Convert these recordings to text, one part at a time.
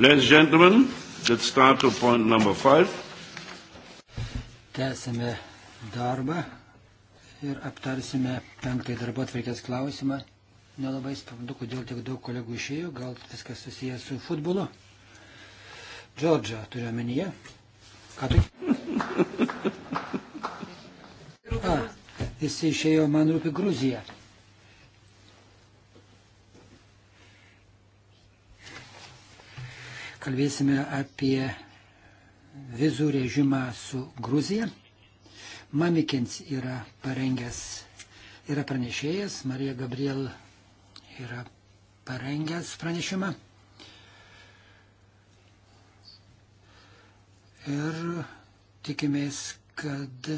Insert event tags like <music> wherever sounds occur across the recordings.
Ladies and gentlemen, let's start to point number five. Tęsime darbą ir aptarsime penktąjį darbo atveikęs klausimą. Nelabai sprantu, kodėl tiek daug kolegų išėjo, gal viskas susijęs su futbolu. Džordžą turiu omenyje. Ką tu? A, <laughs> visi ah, išėjo, man rūpi Gruzija. kalbėsime apie vizų režimą su Gruzija. Mamikins yra parengęs, yra pranešėjas, Marija Gabriel yra parengęs pranešimą. Ir tikimės, kad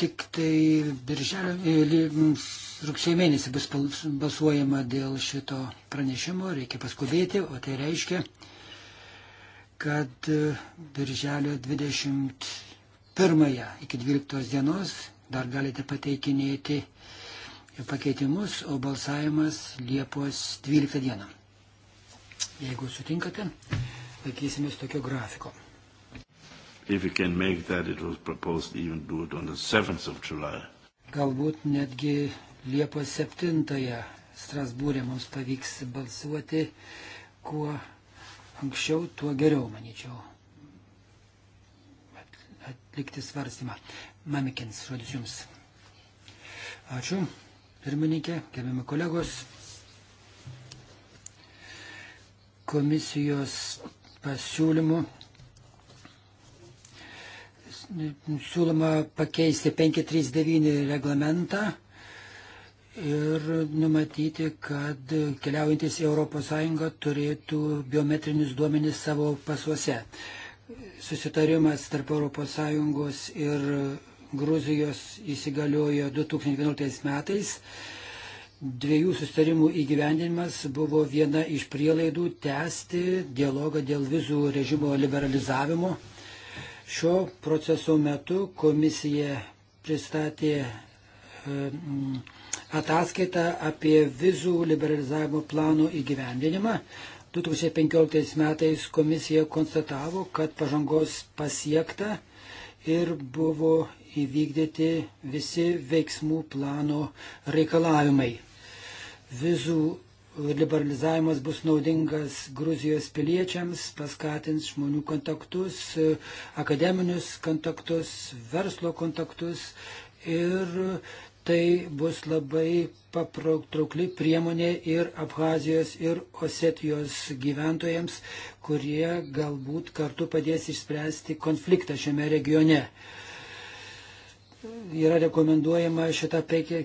tik tai birželio, rugsėjo mėnesį bus balsuojama dėl šito pranešimo, reikia paskubėti, o tai reiškia, kad e, birželio 21 iki 12 dienos dar galite pateikinėti pakeitimus, o balsavimas Liepos 12 dieną. Jeigu sutinkate, laikysimės tokio grafiko if we can make that, it was proposed even do it on the 7th of July. Galbūt netgi Liepos 7-ąją Strasbūrė mums pavyks balsuoti, kuo anksčiau, tuo geriau, manyčiau, atlikti svarstymą. Mamikins, žodis jums. Ačiū, pirmininkė, gerbiami kolegos. Komisijos pasiūlymų siūloma pakeisti 539 reglamentą ir numatyti, kad keliaujantis į ES turėtų biometrinius duomenis savo pasuose. Susitarimas tarp ES ir Gruzijos įsigaliojo 2011 metais. Dviejų sustarimų įgyvendinimas buvo viena iš prielaidų tęsti dialogą dėl vizų režimo liberalizavimo Šio proceso metu komisija pristatė e, mm, ataskaitą apie vizų liberalizavimo plano įgyvendinimą. 2015 metais komisija konstatavo, kad pažangos pasiekta ir buvo įvykdyti visi veiksmų plano reikalavimai. Vizų liberalizavimas bus naudingas Gruzijos piliečiams, paskatins žmonių kontaktus, akademinius kontaktus, verslo kontaktus ir tai bus labai patraukli priemonė ir Abhazijos ir Osetijos gyventojams, kurie galbūt kartu padės išspręsti konfliktą šiame regione yra rekomenduojama šitą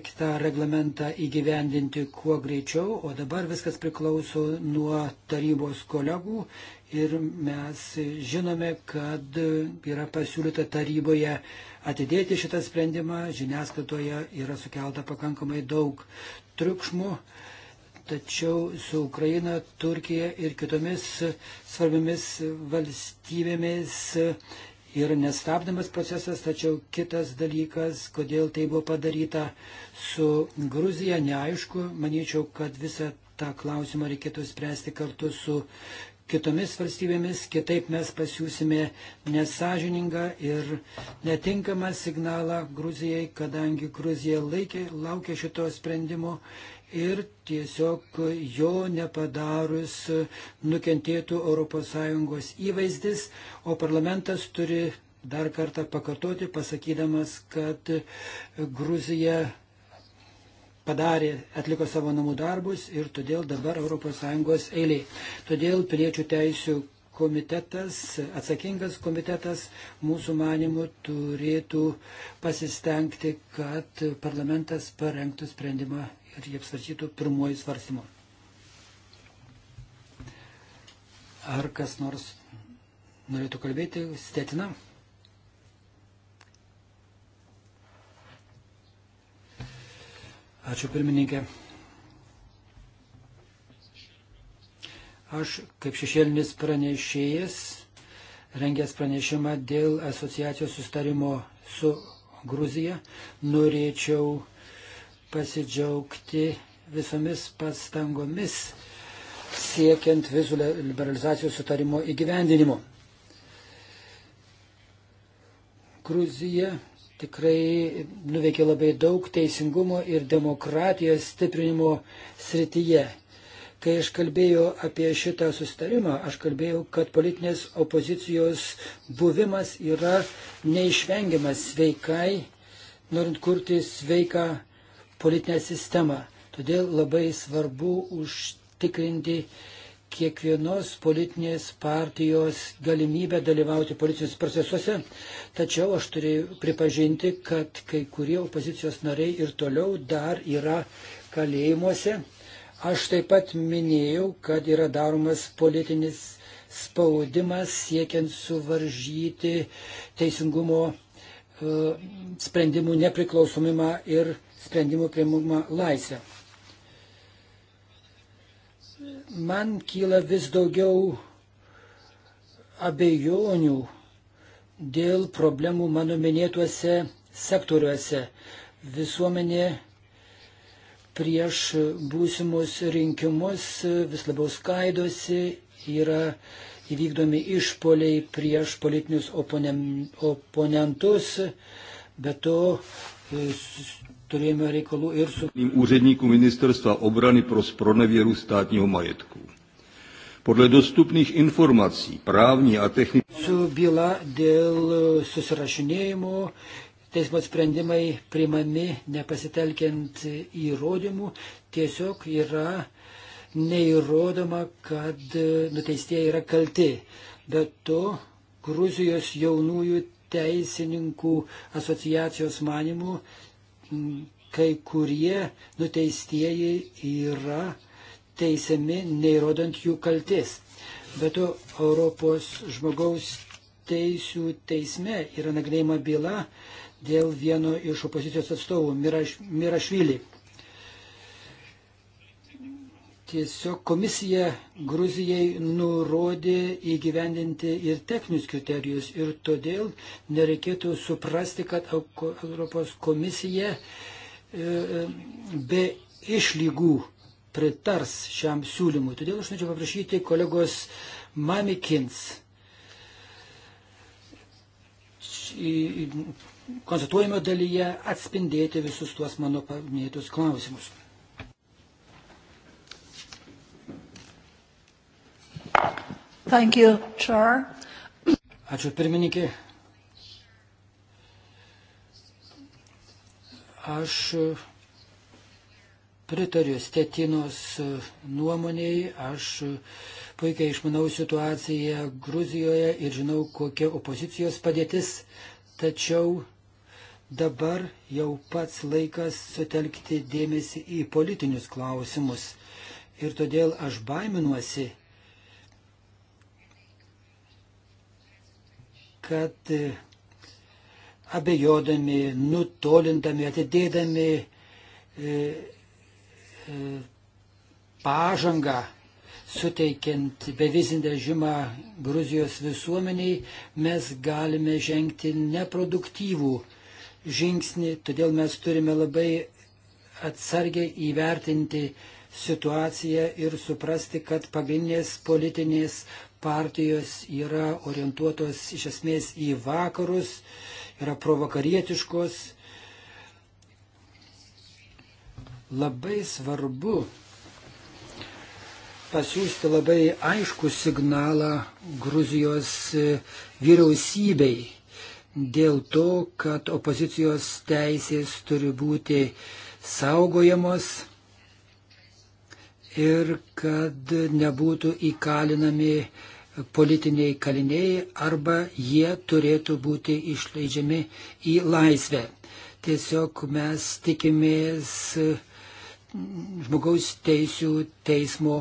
kitą reglamentą įgyvendinti kuo greičiau, o dabar viskas priklauso nuo tarybos kolegų ir mes žinome, kad yra pasiūlyta taryboje atidėti šitą sprendimą, žiniasklaidoje yra sukelta pakankamai daug triukšmų. Tačiau su Ukraina, Turkija ir kitomis svarbiomis valstybėmis ir nestabdamas procesas, tačiau kitas dalykas, kodėl tai buvo padaryta su Gruzija, neaišku. Manyčiau, kad visą tą klausimą reikėtų spręsti kartu su kitomis valstybėmis, kitaip mes pasiūsime nesažiningą ir netinkamą signalą Gruzijai, kadangi Gruzija laikė, laukė šito sprendimo ir tiesiog jo nepadarius nukentėtų ES įvaizdis, o parlamentas turi dar kartą pakartoti, pasakydamas, kad Gruzija padarė, atliko savo namų darbus ir todėl dabar ES eilė. Todėl piliečių teisų komitetas, atsakingas komitetas mūsų manimų turėtų pasistengti, kad parlamentas parengtų sprendimą ir jie apsvarstytų pirmoji svarstymo. Ar kas nors norėtų kalbėti? Stetina? Ačiū pirmininkė. Aš kaip šešėlinis pranešėjas rengęs pranešimą dėl asociacijos sustarimo su Gruzija norėčiau pasidžiaugti visomis pastangomis siekiant vizų liberalizacijos sutarimo įgyvendinimo. Gruzija tikrai nuveikė labai daug teisingumo ir demokratijos stiprinimo srityje. Kai aš kalbėjau apie šitą sustarimą, aš kalbėjau, kad politinės opozicijos buvimas yra neišvengiamas sveikai, norint kurti sveiką politinę sistemą. Todėl labai svarbu užtikrinti kiekvienos politinės partijos galimybę dalyvauti politiniuose procesuose. Tačiau aš turiu pripažinti, kad kai kurie opozicijos nariai ir toliau dar yra kalėjimuose. Aš taip pat minėjau, kad yra daromas politinis spaudimas siekiant suvaržyti teisingumo e, sprendimų nepriklausomimą ir sprendimų priimimo laisvę. Man kyla vis daugiau abejonių dėl problemų mano minėtuose sektoriuose. Visuomenė prieš būsimus rinkimus vis labiau skaidosi, yra įvykdomi išpoliai prieš politinius oponen, oponentus, bet to e, turėjome reikalų ir su... ...úředníků ministerstva obrany pro spronevěru státního majetku. Podle dostupných informací právní a technické... Su byla dėl susirašinėjimo teismo sprendimai primami nepasitelkiant įrodymų, tiesiog yra neįrodoma, kad nuteistieji yra kalti. Bet to Gruzijos jaunųjų teisininkų asociacijos manimų kai kurie nuteistieji yra teisiami neįrodant jų kalties. Bet to Europos žmogaus teisų teisme yra nagrinėjama byla dėl vieno iš opozicijos atstovų Miraš, Mirašvili. Tiesiog komisija Gruzijai nurodė įgyvendinti ir techninius kriterijus ir todėl nereikėtų suprasti, kad Europos komisija e, e, be išlygų pritars šiam siūlymui. Todėl aš norėčiau paprašyti kolegos Mamikins. Konstatuojimo dalyje atspindėti visus tuos mano paminėtus klausimus. Thank you, Chair. Ačiū pirmininkė. Aš pritariu Stetinos nuomonėjai, aš puikiai išmanau situaciją Gruzijoje ir žinau, kokia opozicijos padėtis, tačiau dabar jau pats laikas sutelkti dėmesį į politinius klausimus. Ir todėl aš baiminuosi, kad e, abejodami, nutolindami, atidėdami e, e, pažangą, suteikiant bevizinį režimą Gruzijos visuomeniai, mes galime žengti neproduktyvų žingsnį, todėl mes turime labai atsargiai įvertinti situaciją ir suprasti, kad pagrindinės politinės partijos yra orientuotos iš esmės į vakarus, yra provakarietiškos. Labai svarbu pasiūsti labai aišku signalą Gruzijos e, vyriausybei dėl to, kad opozicijos teisės turi būti saugojamos ir kad nebūtų įkalinami politiniai kaliniai arba jie turėtų būti išleidžiami į laisvę. Tiesiog mes tikimės žmogaus teisų teismo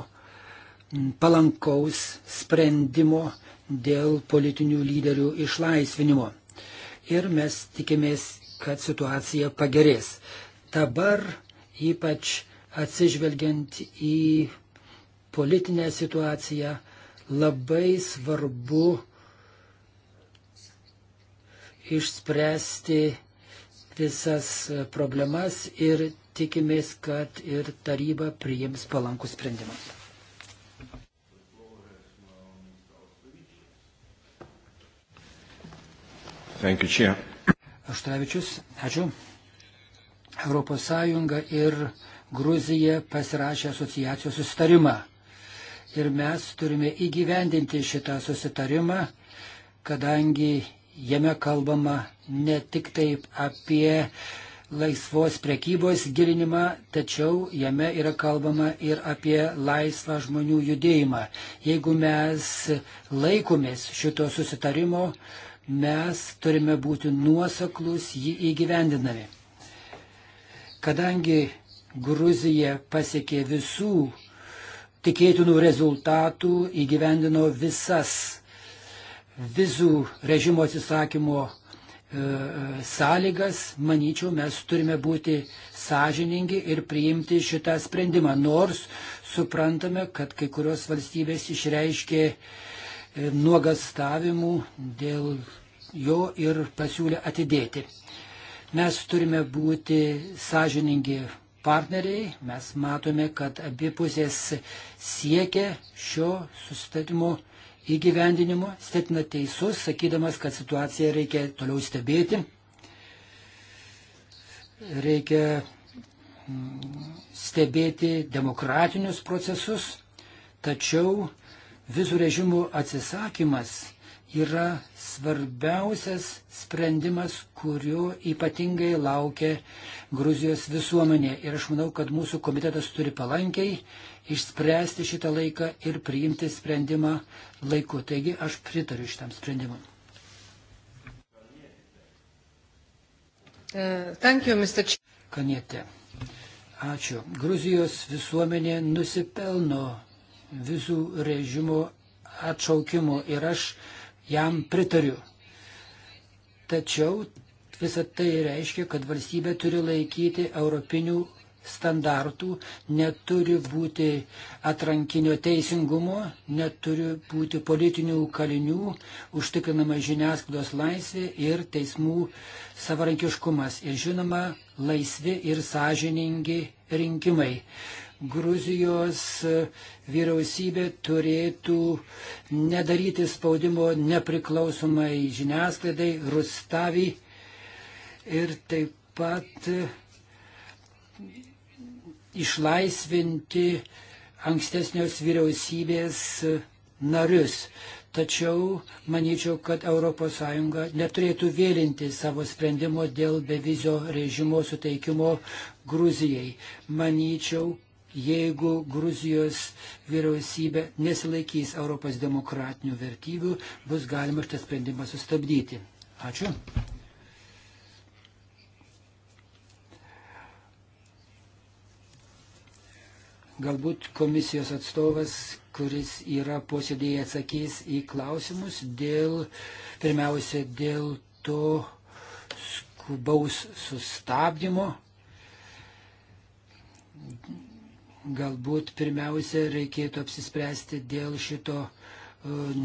palankaus sprendimo dėl politinių lyderių išlaisvinimo. Ir mes tikimės, kad situacija pagerės. Dabar ypač atsižvelgiant į politinę situaciją, labai svarbu išspręsti visas problemas ir tikimės, kad ir taryba priims palankų sprendimą. Aštravičius, ačiū. Europos Sąjunga ir Gruzija pasirašė asociacijos susitarimą. Ir mes turime įgyvendinti šitą susitarimą, kadangi jame kalbama ne tik taip apie laisvos prekybos gilinimą, tačiau jame yra kalbama ir apie laisvą žmonių judėjimą. Jeigu mes laikomės šito susitarimo, mes turime būti nuoseklus jį įgyvendinami. Kadangi Gruzija pasiekė visų tikėtinų rezultatų, įgyvendino visas vizų režimo atsisakymo e, e, sąlygas, manyčiau, mes turime būti sąžiningi ir priimti šitą sprendimą, nors suprantame, kad kai kurios valstybės išreiškė e, nuogastavimų dėl jo ir pasiūlė atidėti. Mes turime būti sąžiningi partneriai. Mes matome, kad abi pusės siekia šio susitarimo įgyvendinimo. Stetina teisus, sakydamas, kad situaciją reikia toliau stebėti. Reikia mm, stebėti demokratinius procesus, tačiau vizų režimų atsisakymas yra svarbiausias sprendimas, kurio ypatingai laukia Gruzijos visuomenė. Ir aš manau, kad mūsų komitetas turi palankiai išspręsti šitą laiką ir priimti sprendimą laiku. Taigi aš pritariu šitam sprendimui. Uh, Kanietė. Ačiū. Gruzijos visuomenė nusipelno vizų režimo atšaukimo ir aš uh, jam pritariu. Tačiau visą tai reiškia, kad valstybė turi laikyti europinių standartų, neturi būti atrankinio teisingumo, neturi būti politinių kalinių, užtikrinama žiniasklaidos laisvė ir teismų savarankiškumas. Ir žinoma, laisvi ir sąžiningi rinkimai. Gruzijos e, vyriausybė turėtų nedaryti spaudimo nepriklausomai žiniasklaidai, Rustavi ir taip pat išlaisvinti ankstesnios vyriausybės narius. Tačiau manyčiau, kad ES neturėtų vėlinti savo sprendimo dėl bevizio režimo suteikimo Gruzijai. Manyčiau, jeigu Gruzijos vyriausybė nesilaikys Europos demokratinių vertybių, bus galima šitą sprendimą sustabdyti. Ačiū. Galbūt komisijos atstovas, kuris yra posėdėje, atsakys į klausimus dėl, pirmiausia, dėl to skubaus sustabdymo. Galbūt pirmiausia reikėtų apsispręsti dėl šito e,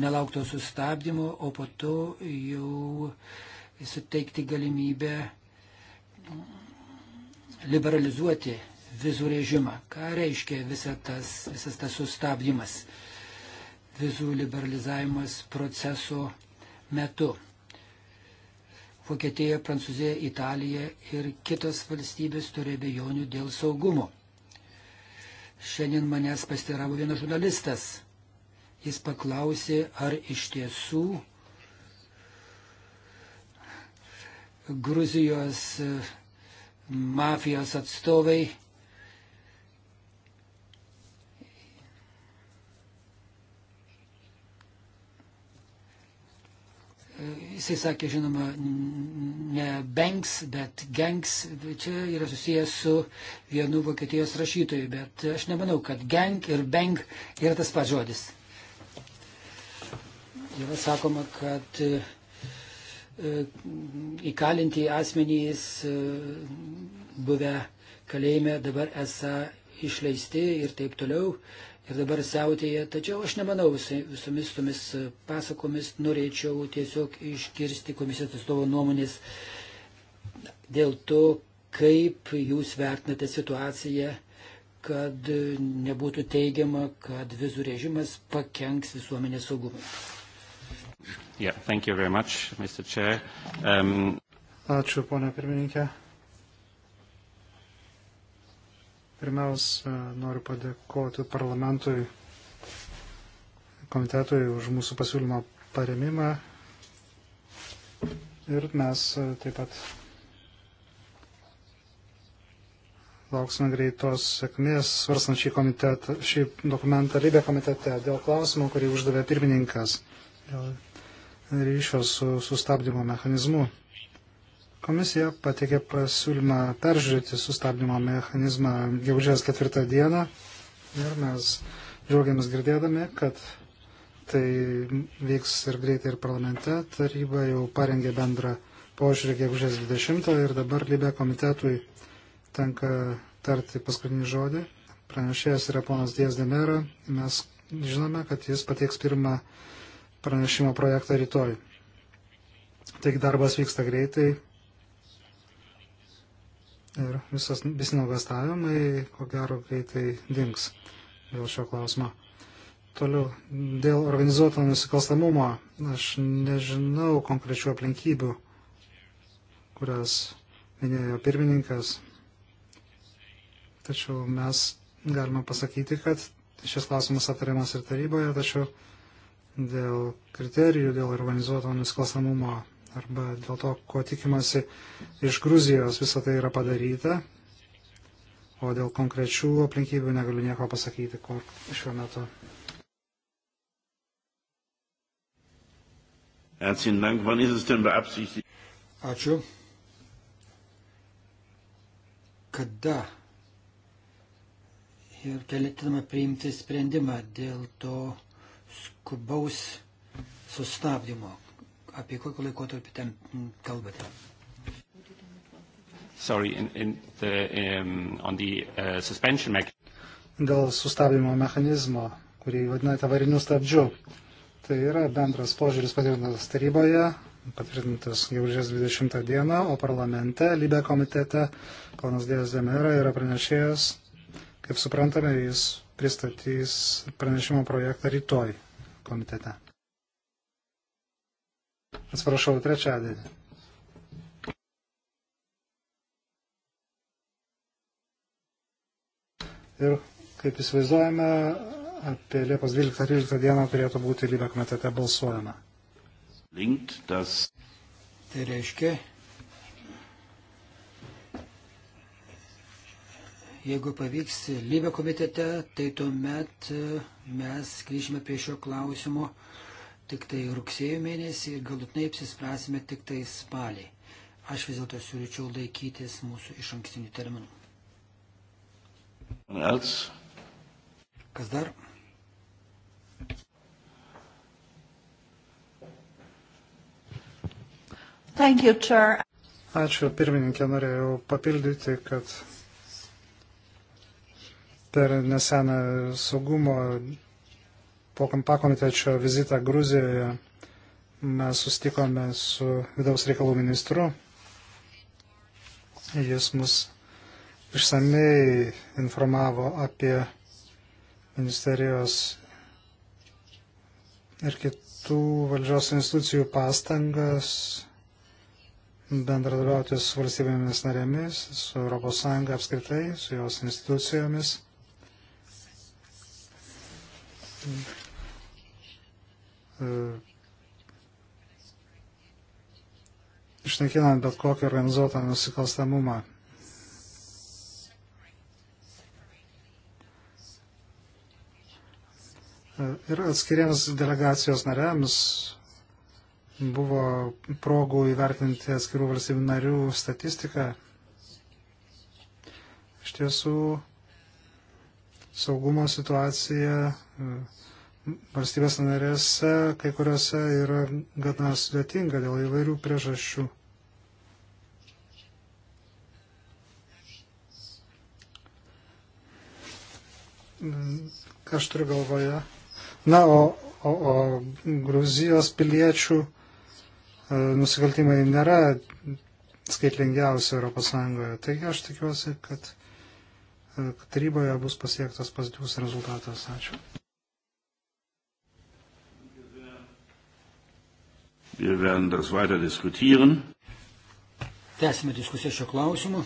nelaukto sustabdymo, o po to jau suteikti galimybę liberalizuoti vizų režimą. Ką reiškia visa tas, visas tas sustabdymas vizų liberalizavimas proceso metu? Vokietija, Prancūzija, Italija ir kitos valstybės turi abejonių dėl saugumo. Šiandien manęs pastiravo vienas žurnalistas. Jis paklausė, ar iš tiesų Gruzijos e, mafijos atstovai Jisai sakė, žinoma, ne banks, bet gengs, čia yra susijęs su vienu Vokietijos rašytoju, bet aš nemanau, kad geng ir bang yra tas pats žodis. Yra sakoma, kad e, e, įkalinti asmenys e, buvę kalėjime dabar esą išleisti ir taip toliau ir dabar siautėja, tačiau aš nemanau visomis tomis e, pasakomis norėčiau tiesiog iškirsti komisijos atstovo nuomonės dėl to, kaip jūs vertinate situaciją, kad nebūtų teigiama, kad vizų režimas pakenks visuomenės saugumui. Yeah, much, um... Ačiū, ponia pirmininkė. Pirmiausia, noriu padėkoti parlamentui, komitetui už mūsų pasiūlymo paremimą. Ir mes taip pat lauksime greitos sėkmės svarstant šį, komitetą, šį dokumentą Libė komitete dėl klausimo, kurį uždavė pirmininkas dėl ryšio su sustabdymo mechanizmu. Komisija pateikė pasiūlymą peržiūrėti sustabdymo mechanizmą gegužės ketvirtą dieną ir mes džiaugiamės girdėdami, kad tai vyks ir greitai ir parlamente. Taryba jau parengė bendrą požiūrį gegužės 20 ir dabar Libė komitetui tenka tarti paskutinį žodį. Pranešėjas yra ponas Dies Demera. Mes žinome, kad jis pateiks pirmą pranešimo projektą rytoj. Taigi darbas vyksta greitai ir visas, visi nuogastavimai, ko gero, greitai dinks dėl šio klausimo. Toliau, dėl organizuoto nusikalstamumo, aš nežinau konkrečių aplinkybių, kurias minėjo pirmininkas, tačiau mes galime pasakyti, kad šis klausimas aptariamas ir taryboje, tačiau dėl kriterijų, dėl organizuoto nusikalstamumo arba dėl to, ko tikimasi iš Gruzijos, visą tai yra padaryta, o dėl konkrečių aplinkybių negaliu nieko pasakyti ko šiuo metu. Ačiū. Kada ir galėtume priimti sprendimą dėl to skubaus sustabdymo, apie kokį laikotarpį ten mm, kalbate? Sorry, in, in the, um, on the uh, suspension mechanism. Dėl sustabdymo mechanizmo, kurį vadinate variniu stabdžiu. Tai yra bendras požiūris patvirtintas taryboje, patvirtintas gegužės 20 dieną, o parlamente, lybe komitete, ponas Dievas Demera yra pranešėjas. Kaip suprantame, jis pristatys pranešimo projektą rytoj komitete. Atsiprašau, trečiadienį. Ir kaip įsivaizduojame, apie Liepos 12-13 dieną turėtų būti lygio komitete balsuojama. Linkt tas. Tai reiškia, jeigu pavyks lygio komitete, tai tuomet e, mes grįžime prie šio klausimo tik tai rugsėjo mėnesį ir galutinai apsispręsime tik tai spalį. Aš vis dėlto siūlyčiau laikytis mūsų iš ankstinių terminų. Else? Kas dar? Thank you, Chair. Ačiū pirmininkė, norėjau papildyti, kad per neseną saugumo po pakomitečio vizitą Gruzijoje mes sustikome su vidaus reikalų ministru. Jis mus išsamei informavo apie ministerijos ir kitų valdžios institucijų pastangas bendradarbiauti su valstybėmis narėmis, su ES apskritai, su jos institucijomis. E, išnaikinant bet kokį organizuotą nusikalstamumą. E, ir atskiriems delegacijos nariams buvo progų įvertinti atskirų valstybių narių statistiką. Iš tiesų, saugumo situacija valstybės narėse, kai kuriuose yra gana sudėtinga dėl įvairių priežasčių. Ką aš turiu galvoje? Na, o, o, o Gruzijos piliečių e, nusikaltimai nėra skaitlingiausi Europos Sąjungoje. Taigi aš tikiuosi, kad e, taryboje bus pasiektas pozityvus rezultatas. Ačiū. Wir werden das weiter diskutieren. Tęsime diskusiją šio klausimu.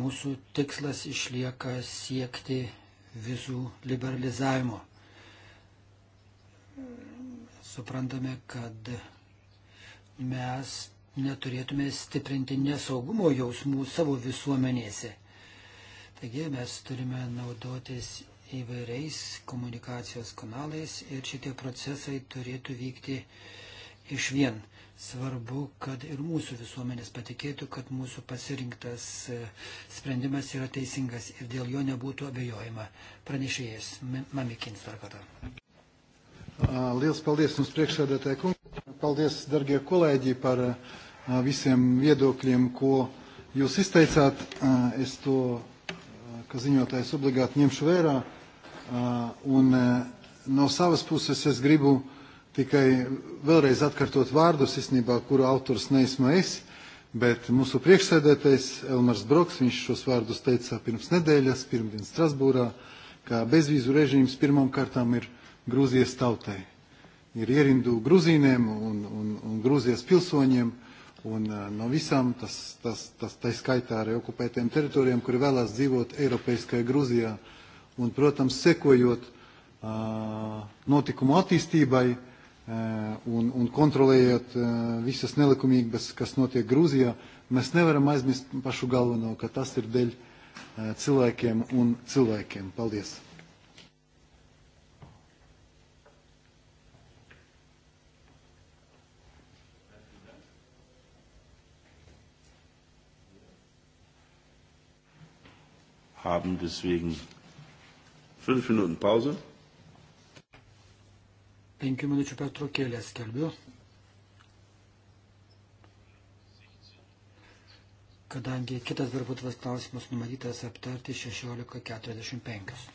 Mūsų tikslas išlieka siekti vizų liberalizavimo. Suprantame, kad mes neturėtume stiprinti nesaugumo jausmų savo visuomenėse. Taigi mes turime naudotis įvairiais komunikacijos kanalais ir šitie procesai turėtų vykti iš vien. Svarbu, kad ir mūsų visuomenės patikėtų, kad mūsų pasirinktas e, sprendimas yra teisingas ir dėl jo nebūtų abejojama. Pranešėjas Mamikins dar kartą. Liels paldies Jums priekšsēdētāji kungi. Paldies, dargie kolēģi, par e, visiem viedokļiem, ko Jūs izteicāt. E, es to, ka ziņotājs obligāti ņemšu vērā. Un e, no savas puses es gribu tikai vēlreiz atkārtot vārdus, īstenībā, kuru autors neesmu es, bet mūsu priekšsēdētais Elmars Broks, viņš šos vārdus teica pirms nedēļas, pirmdien Strasbūrā, ka bezvīzu režīms pirmam kārtām ir Grūzijas tautai. Ir ierindu Grūzīniem un, un, un Grūzijas pilsoņiem un e, no visām, tas, tas, tas, tā skaitā arī okupētiem teritorijām, kuri vēlās dzīvot Eiropeiskajā Grūzijā, uh, un, protams, sekojot uh, notikumu attīstībai uh, un, un kontrolējot uh, visas nelikumīgas, kas notiek Grūzijā, mēs nevaram aizmirst pašu galveno, ka tas ir dēļ cilvēkiem un cilvēkiem. Paldies! haben. Deswegen Fünf Minuten Pause. Penkių minučių pertraukėlę skelbiu. Kadangi kitas darbotvarkės klausimas numatytas aptarti 16.45.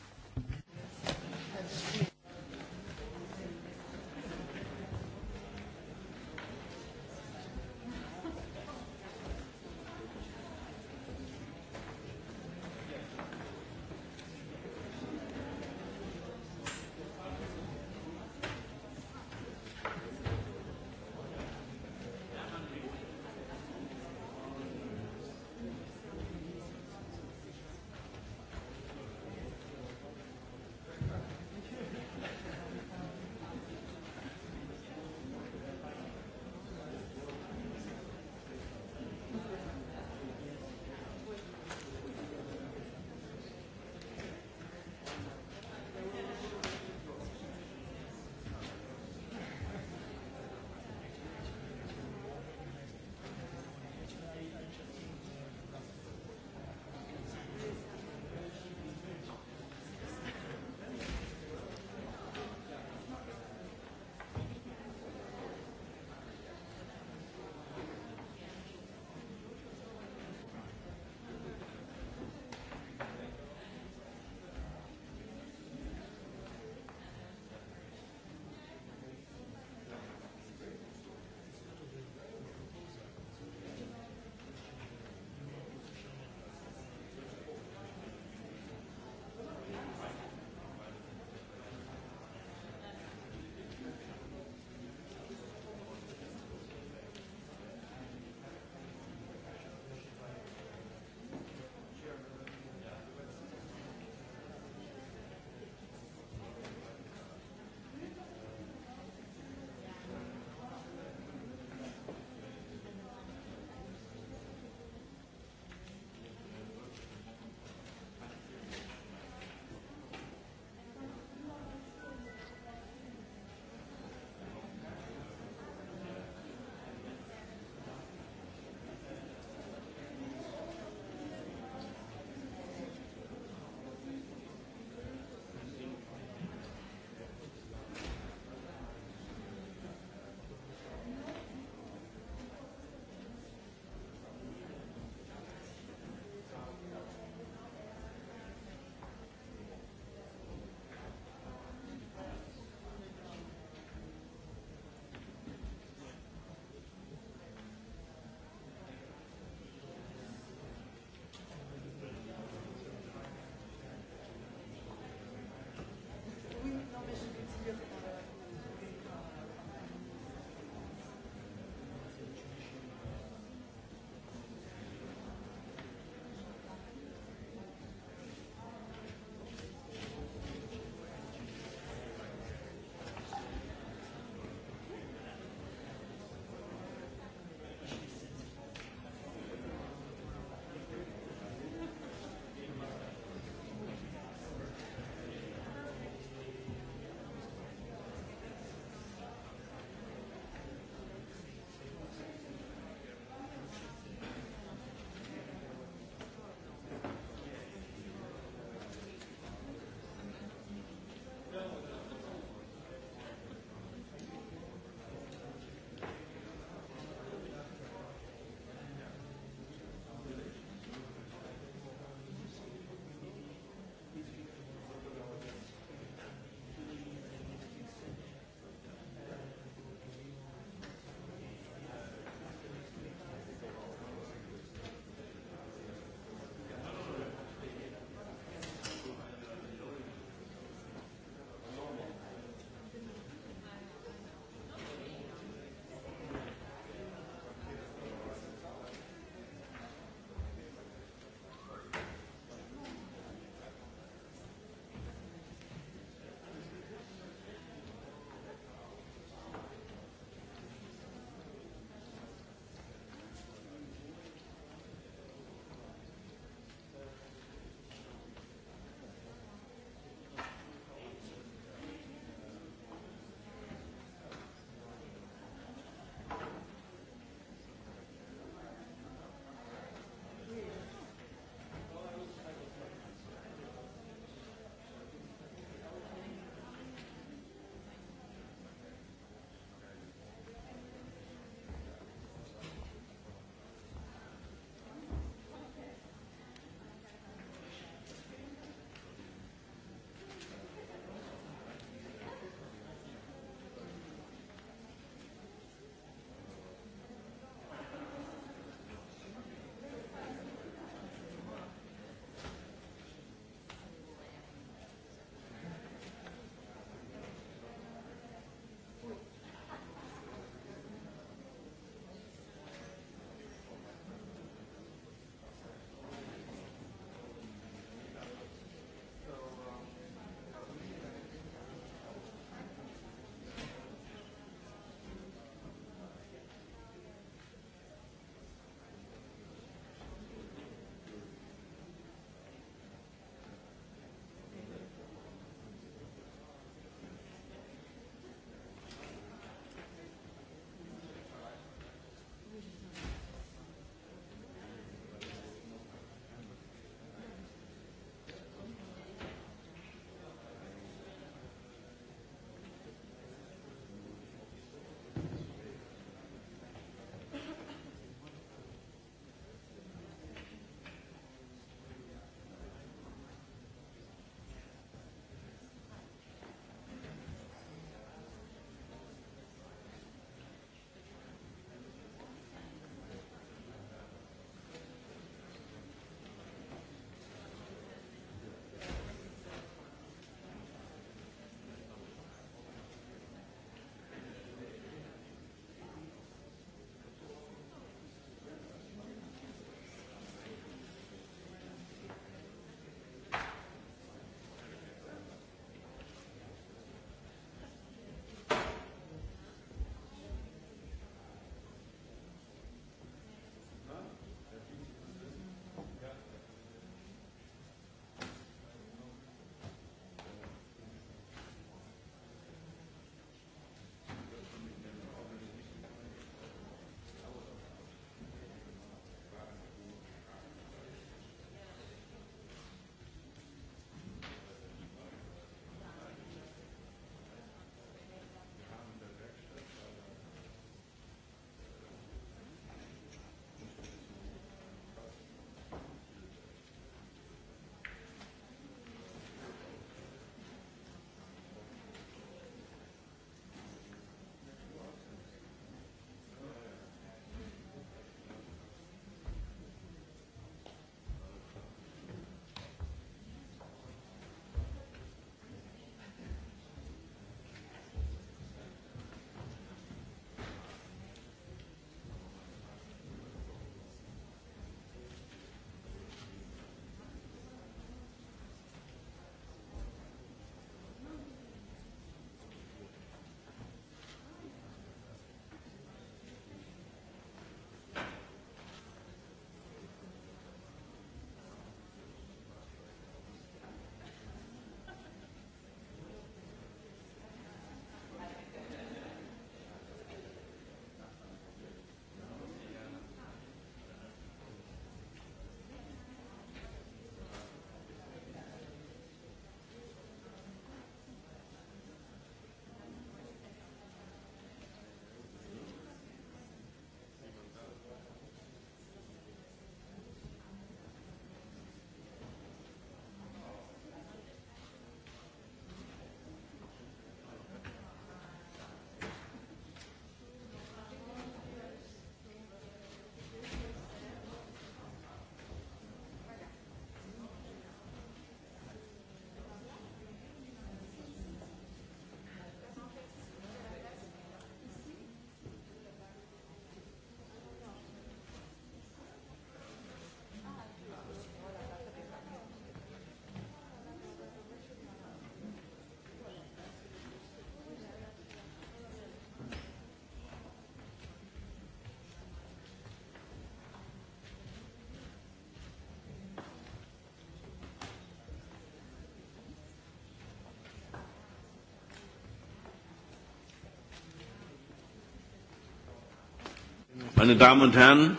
Meine Damen und Herren.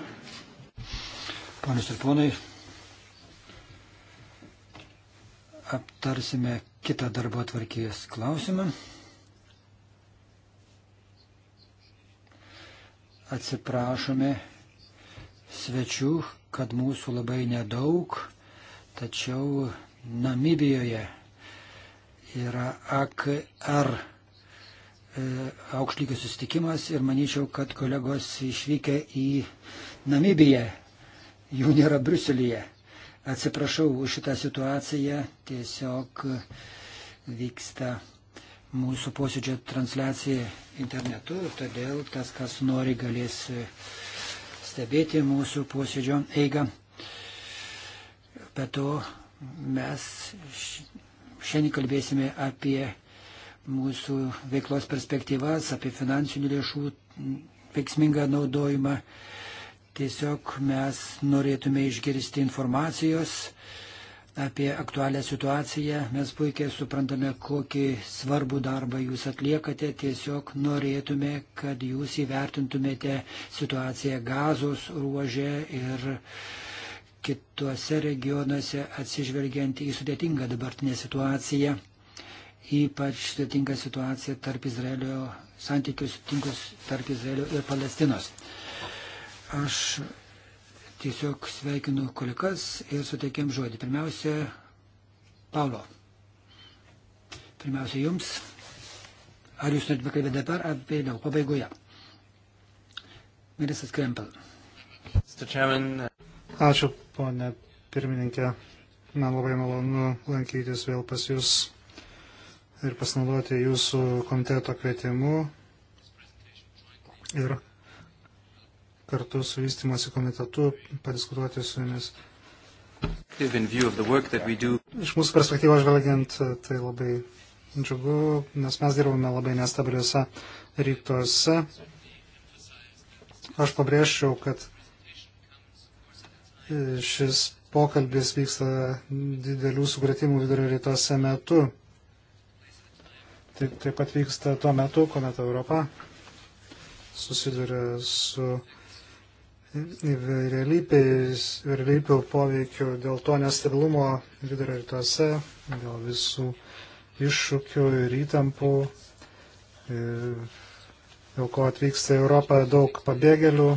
Ponius ir ponai, aptarsime kitą darbo atvarkės klausimą. Atsiprašome svečių, kad mūsų labai nedaug, tačiau Namibijoje yra AKR E, aukštlygio susitikimas ir manyčiau, kad kolegos išvykę į Namibiją, jų nėra Bruselėje. Atsiprašau už šitą situaciją, tiesiog vyksta mūsų posėdžio transliacija internetu, todėl tas, kas nori, galės stebėti mūsų posėdžio eigą. Be to, mes šiandien kalbėsime apie mūsų veiklos perspektyvas, apie finansinių lėšų veiksmingą naudojimą. Tiesiog mes norėtume išgirsti informacijos apie aktualią situaciją. Mes puikiai suprantame, kokį svarbų darbą jūs atliekate. Tiesiog norėtume, kad jūs įvertintumėte situaciją gazos ruožė ir kituose regionuose atsižvelgiant į sudėtingą dabartinę situaciją ypač sudėtinga situacija tarp Izraelio, santykius tinkus tarp Izraelio ir Palestinos. Aš tiesiog sveikinu kolegas ir suteikėm žodį. Pirmiausia, Paulo. Pirmiausia, jums. Ar jūs norite pakalbėti dabar ar vėliau, pabaigoje? Ministras Krempel. Ačiū, ponė pirmininkė. Man labai malonu lankytis vėl pas jūs ir pasinaudoti jūsų komiteto kvietimu ir kartu su vystimosi komitetu padiskutuoti su jumis. Iš mūsų perspektyvos žvelgiant, tai labai džiugu, nes mes dirbame labai nestabiliuose rytuose. Aš pabrėžčiau, kad šis pokalbis vyksta didelių sugretimų vidurio rytuose metu. Tai taip pat vyksta tuo metu, kuomet Europa susiduria su įvairialypių poveikių dėl to nestabilumo vidurio rytuose, dėl visų iššūkių ir įtampų, dėl ko atvyksta į Europą daug pabėgėlių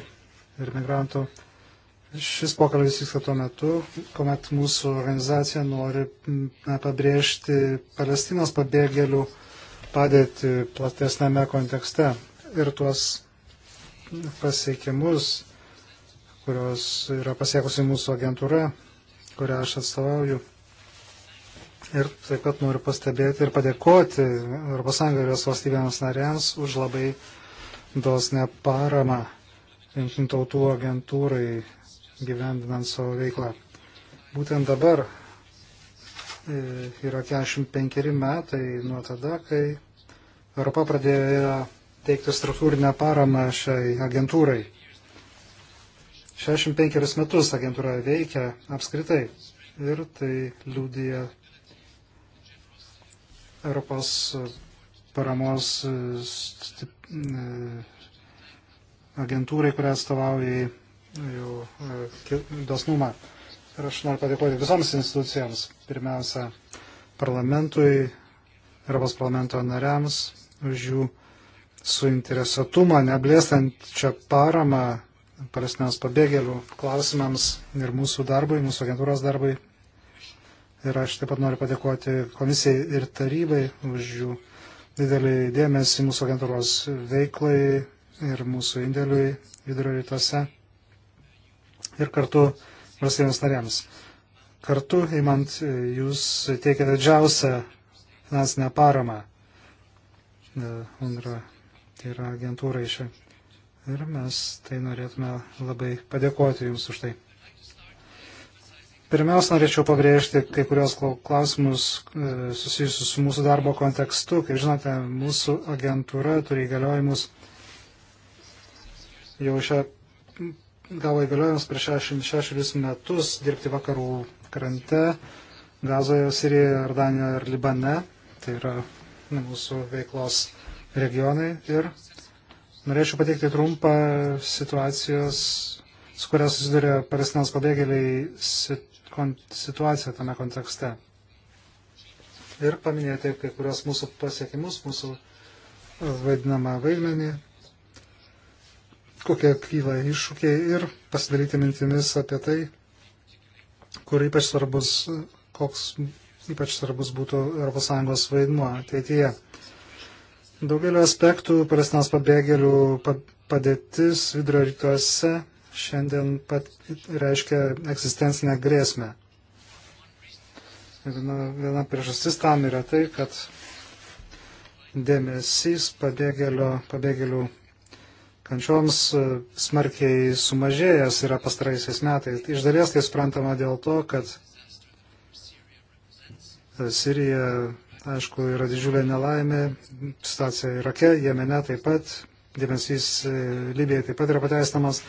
ir migrantų. Šis pokalbis vyksta tuo metu, kuomet mūsų organizacija nori pabrėžti Palestinos pabėgėlių padėti platesnėme kontekste ir tuos pasiekimus, kurios yra pasiekusi mūsų agentūra, kurią aš atstovauju. Ir taip pat noriu pastebėti ir padėkoti ES ir jos valstybėms narėms už labai dosnę paramą jungtinių tautų agentūrai gyvendinant savo veiklą. Būtent dabar E, yra 45 metai nuo tada, kai Europa pradėjo teikti struktūrinę paramą šiai agentūrai. 65 metus agentūra veikia apskritai ir tai liūdija Europos paramos e, e, agentūrai, kurią atstovauja jau dosnumą. Ir aš noriu padėkoti visoms institucijoms pirmiausia parlamentui, Europos parlamento nariams, už jų suinteresuotumą, neblėstančią paramą palestinos pabėgėlių klausimams ir mūsų darbui, mūsų agentūros darbui. Ir aš taip pat noriu padėkoti komisijai ir tarybai už jų didelį dėmesį mūsų agentūros veiklai ir mūsų indėliui vidurio rytuose ir kartu valstybėms narėms kartu imant e, jūs teikiate didžiausią finansinę paramą. UNRWA e, tai yra agentūra iš. Ir mes tai norėtume labai padėkoti Jums už tai. Pirmiausia, norėčiau pabrėžti kai kurios klausimus e, susijusius su mūsų darbo kontekstu. Kaip žinote, mūsų agentūra turi įgaliojimus jau šią gavo įgaliojimus prieš 66 metus dirbti vakarų krante, Gazoje, Sirijoje, Jordanijoje ir Libane. Tai yra mūsų veiklos regionai. Ir norėčiau pateikti trumpą situacijos, su kuria susiduria palestinos pabėgėliai situaciją tame kontekste. Ir paminėti kai kurios mūsų pasiekimus, mūsų vaidinamą vaidmenį, kokie kyla iššūkiai ir pasidalyti mintimis apie tai, kur ypač svarbus, koks ypač svarbus būtų ES vaidmuo ateityje. Daugelio aspektų Palestinos pabėgėlių padėtis vidurio rytuose šiandien pat reiškia egzistencinę grėsmę. Viena, viena priežastis tam yra tai, kad dėmesys pabėgėlio, pabėgėlių kančioms e, smarkiai sumažėjęs yra pastaraisiais metais. Iš dalies tai suprantama dėl to, kad e, Sirija, aišku, yra didžiulė nelaimė, situacija Irake, Jemene taip pat, dėmesys e, Libijai taip pat yra pateisinamas.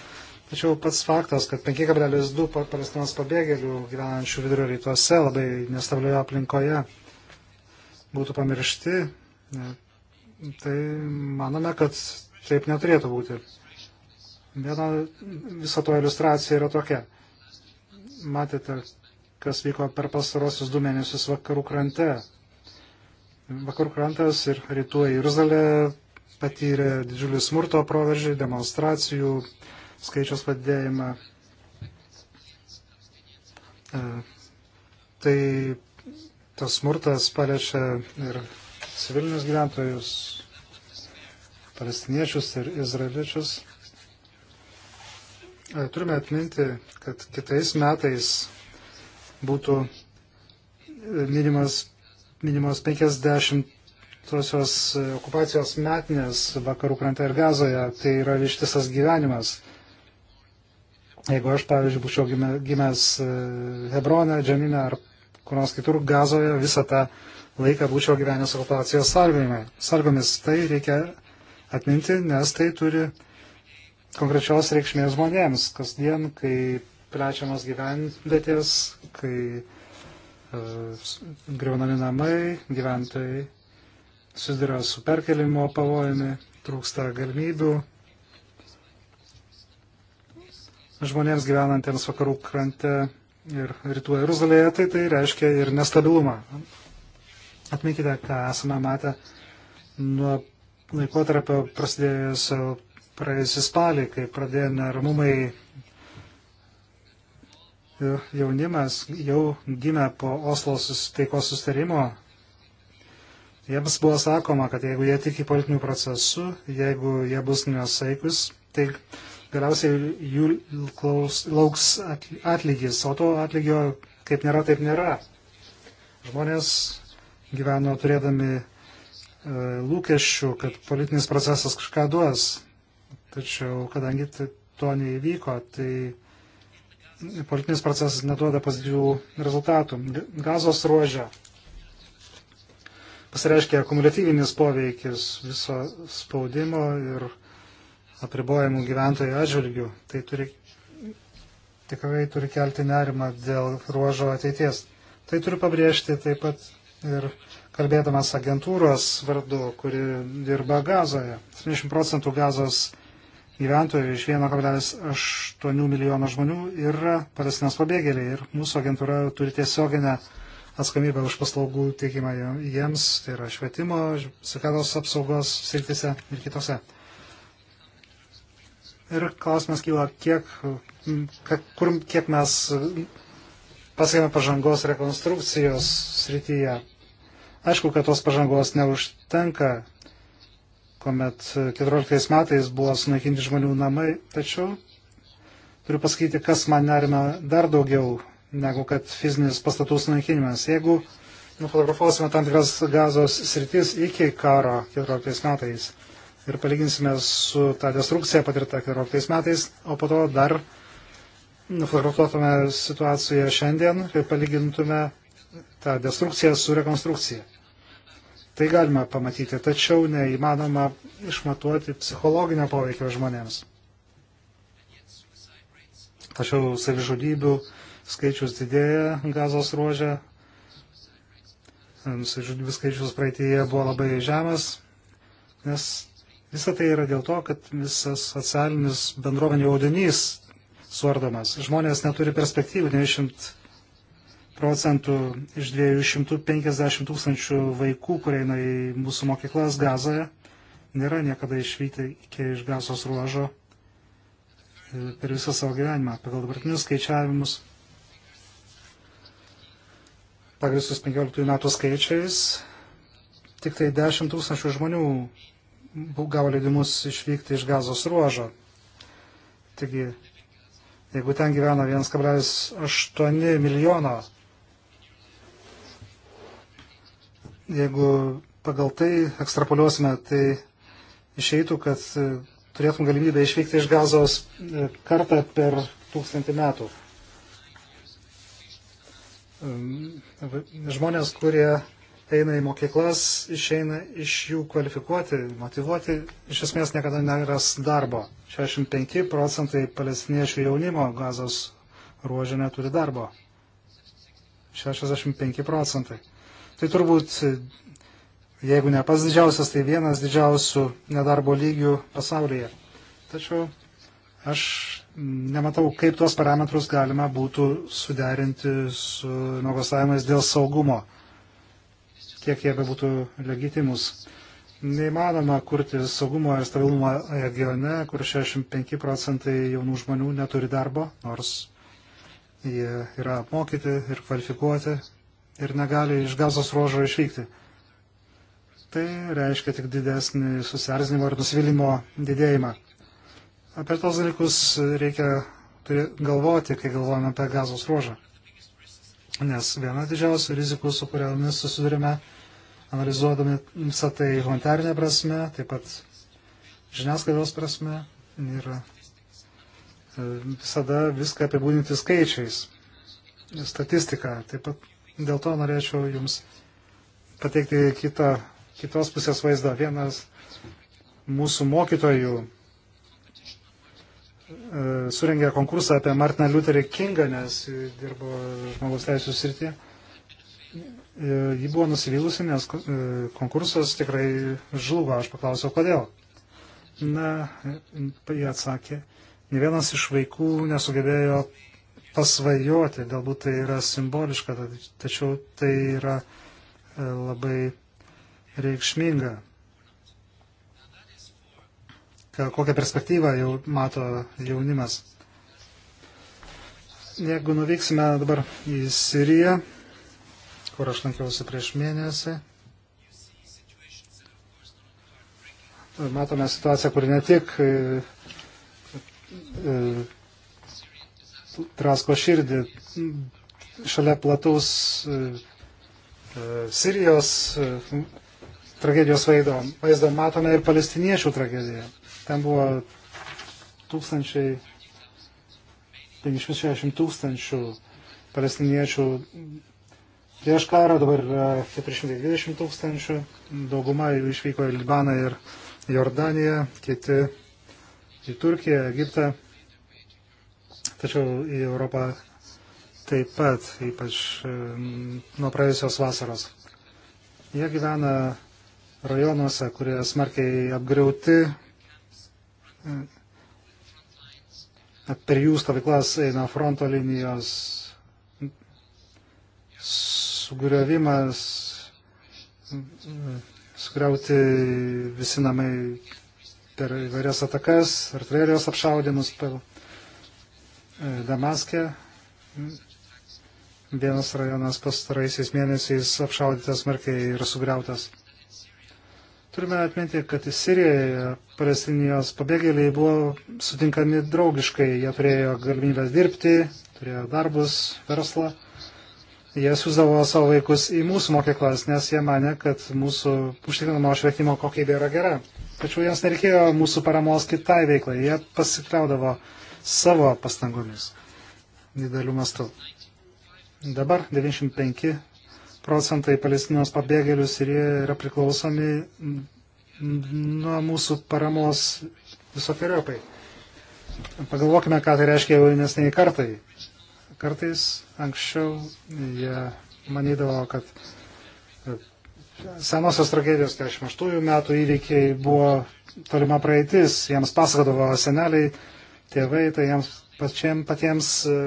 Tačiau pats faktas, kad 5,2 palestinos pabėgėlių gyvenančių vidurio rytuose labai nestabilioje aplinkoje būtų pamiršti, tai manome, kad Taip neturėtų būti. Viena viso to iliustracija yra tokia. Matėte, kas vyko per pastarosius du mėnesius vakarų krante. Vakarų krantas ir rytų Jeruzalė patyrė didžiulį smurto proveržį, demonstracijų skaičiaus padėjimą. E, tai tas smurtas paliečia ir civilinius gyventojus, palestiniečius ir izraeličius. E, turime atminti, kad kitais metais būtų e, minimas, minimos 50-osios e, okupacijos metinės vakarų krante ir gazoje. Tai yra ištisas gyvenimas. Jeigu aš, pavyzdžiui, būčiau gimęs Hebrone, Džemine ar kur nors kitur gazoje, visą tą laiką būčiau gyvenęs okupacijos sargomis. Tai reikia atminti, nes tai turi konkrečios reikšmės žmonėms. Kasdien, kai plečiamos gyvenvietės, kai uh, e, greunami namai, gyventojai susiduria su perkelimo pavojami, trūksta galimybių. Žmonėms gyvenantiems vakarų krante ir rytų Jeruzalėje, tai tai reiškia ir nestabilumą. Atminkite, ką esame matę nuo laikotarpio prasidėjus praėjusį spalį, kai pradėjo neramumai jaunimas jau gimė po Oslo taikos sustarimo. Jiems buvo sakoma, kad jeigu jie tik į politinių procesų, jeigu jie bus nesaikus, tai galiausiai jų klaus, lauks atlygis, o to atlygio kaip nėra, taip nėra. Žmonės gyveno turėdami E, lūkesčių, kad politinis procesas kažką duos. Tačiau, kadangi to neįvyko, tai politinis procesas neduoda pozityvių rezultatų. Gazos ruožė pasireiškia akumuliatyvinis poveikis viso spaudimo ir apribojimų gyventojų atžvilgių. Tai turi, tikrai turi kelti nerimą dėl ruožo ateities. Tai turiu pabrėžti taip pat ir kalbėdamas agentūros vardu, kuri dirba gazoje. 70 procentų gazos gyventojų iš 1,8 milijono žmonių yra palestinos pabėgėliai ir mūsų agentūra turi tiesioginę atsakomybę už paslaugų teikimą jiems, tai yra švietimo, sveikatos apsaugos srityse ir kitose. Ir klausimas kyla, kiek, kur, kiek mes pasiekėme pažangos rekonstrukcijos srityje. Aišku, kad tos pažangos neužtenka, kuomet 14 metais buvo sunaikinti žmonių namai, tačiau turiu pasakyti, kas man nerima dar daugiau negu kad fizinis pastatų sunaikinimas. Jeigu nufotografuosime tam tikras gazos sritis iki karo 14 metais ir palyginsime su tą destrukciją patirtą 14 metais, o po to dar nuflirtuotume situaciją šiandien ir palygintume tą destrukciją su rekonstrukcija. Tai galima pamatyti, tačiau neįmanoma išmatuoti psichologinio poveikio žmonėms. Tačiau savižudybių skaičius didėja gazos ruožė. Savižudybių skaičius praeitėje buvo labai žemas, nes visa tai yra dėl to, kad visas socialinis bendruomenių audinys svardomas. Žmonės neturi perspektyvų, 90 procentų iš 250 tūkstančių vaikų, kurie eina į mūsų mokyklas Gazoje, nėra niekada išvykę iš Gazos ruožo e, per visą savo gyvenimą. Pagal dabartinius skaičiavimus, pagristus 15 metų skaičiais, tik tai 10 tūkstančių žmonių gavo leidimus išvykti iš gazos ruožo. Taigi Jeigu ten gyvena 1,8 milijono, jeigu pagal tai ekstrapoliuosime, tai išeitų, kad e, turėtum galimybę išvykti iš gazos e, kartą per tūkstantį metų. Žmonės, kurie eina į mokyklas, išeina iš jų kvalifikuoti, motivuoti, iš esmės niekada neras darbo. 65 procentai palestiniečių jaunimo gazos ruožė neturi darbo. 65 procentai. Tai turbūt, jeigu ne pas didžiausias, tai vienas didžiausių nedarbo lygių pasaulyje. Tačiau aš nematau, kaip tuos parametrus galima būtų suderinti su nuogastavimais dėl saugumo kiek jie bebūtų legitimus. Neįmanoma kurti saugumo ir stabilumo regione, kur 65 procentai jaunų žmonių neturi darbo, nors jie yra apmokyti ir kvalifikuoti ir negali iš gazos ruožo išvykti. Tai reiškia tik didesnį susierzinimo ir nusivylimų didėjimą. Apie tos dalykus reikia galvoti, kai galvojame apie gazos ruožą. Nes viena didžiausių rizikų, su kuriomis susidurime, analizuodami visą tai humanitarinė prasme, taip pat žiniasklaidos prasme ir e, visada viską apibūdinti skaičiais, statistiką. Taip pat dėl to norėčiau Jums pateikti kitą, kitos pusės vaizdą. Vienas mūsų mokytojų e, surengė konkursą apie Martiną Lutherį Kingą, nes dirbo žmogaus teisų srityje. E, ji buvo nusivylusi, nes e, konkursas tikrai žlugo. Aš paklausiau, kodėl. Na, e, jie atsakė, ne vienas iš vaikų nesugebėjo pasvajoti, galbūt tai yra simboliška, tačiau tai yra labai reikšminga. Kokią perspektyvą jau mato jaunimas. Jeigu nuvyksime dabar į Siriją, kur aš lankiausi prieš mėnesį. Matome situaciją, kur ne tik e, e, trasko širdį šalia plataus e, Sirijos tragedijos vaizdo, vaizdo matome ir palestiniečių tragediją. Ten buvo 1560 tūkstančių palestiniečių Prieš karą dabar yra 420 tūkstančių, dauguma jų išvyko į Libaną ir Jordaniją, kiti į Turkiją, Egiptą, tačiau į Europą taip pat, ypač nuo praėjusios vasaros. Jie gyvena rajonuose, kurie smarkiai apgriauti. E, per jų stovyklas eina fronto linijos sugriovimas, sugriauti visi namai per įvairias atakas, artilerijos apšaudimus per e, Damaskė. Vienas rajonas pastaraisiais mėnesiais apšaudytas smarkiai ir sugriautas. Turime atminti, kad Sirijoje palestinijos pabėgėliai buvo sutinkami draugiškai, jie turėjo galimybę dirbti, turėjo darbus, verslą jie siūsdavo savo vaikus į mūsų mokyklas, nes jie mane, kad mūsų užtikrinamo švietimo kokybė yra gera. Tačiau jiems nereikėjo mūsų paramos kitai veiklai, jie pasikliaudavo savo pastangomis didelių mastų. Dabar 95 procentai palestinos pabėgėlių Sirijoje yra priklausomi nuo mūsų paramos visokiojopai. Pagalvokime, ką tai reiškia jaunesniai kartai. Kartais anksčiau jie manydavo, kad senosios tragedijos 48 metų įvykiai buvo tolima praeitis, jiems pasakodavo seneliai, tėvai, tai jiems pačiem, patiems, e,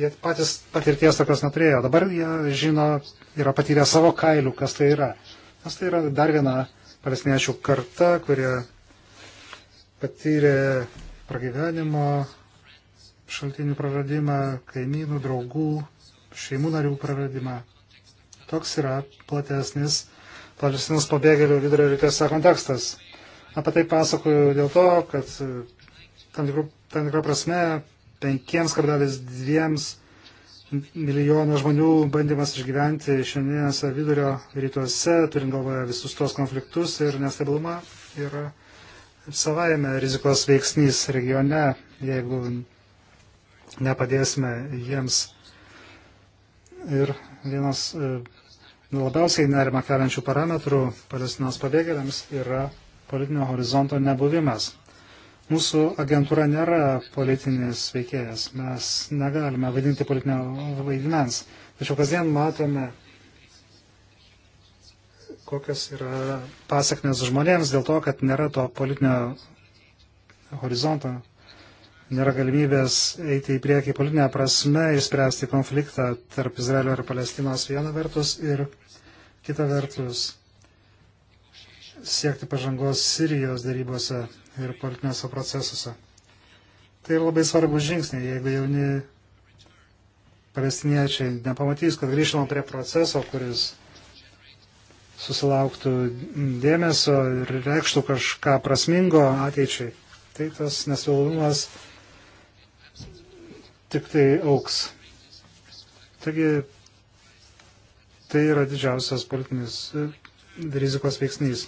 jie patys patirties tokios neturėjo. Dabar jie žino, yra patyrę savo kailių, kas tai yra. Nes tai yra dar viena palestiniečių karta, kurie patyrė pragyvenimo šaltinių praradimą, kaimynų, draugų, šeimų narių praradimą. Toks yra platesnis palestinos pabėgėlių vidurio rytuose kontekstas. Apie tai pasakoju dėl to, kad e, tam tikrų, tam tikrą prasme 5,2 milijonų žmonių bandymas išgyventi šiandienėse vidurio rytuose, turint galvoje visus tos konfliktus ir nestabilumą, yra savaime rizikos veiksnys regione, jeigu nepadėsime jiems. Ir vienas e, labiausiai nerima keliančių parametrų palestinos pabėgėliams yra politinio horizonto nebuvimas. Mūsų agentūra nėra politinis veikėjas, mes negalime vaidinti politinio vaidmens. Tačiau kasdien matome, kokios yra pasaknės žmonėms dėl to, kad nėra to politinio horizonto nėra galimybės eiti į priekį politinę prasme ir spręsti konfliktą tarp Izraelio ir Palestinos viena vertus ir kita vertus siekti pažangos Sirijos darybose ir politinėse procesuose. Tai labai svarbus žingsniai, jeigu jauni palestiniečiai nepamatys, kad grįžtama prie proceso, kuris susilauktų dėmesio ir reikštų kažką prasmingo ateičiai. Tai tas nesvilumas tik tai auks. Taigi tai yra didžiausias politinis e, rizikos veiksnys.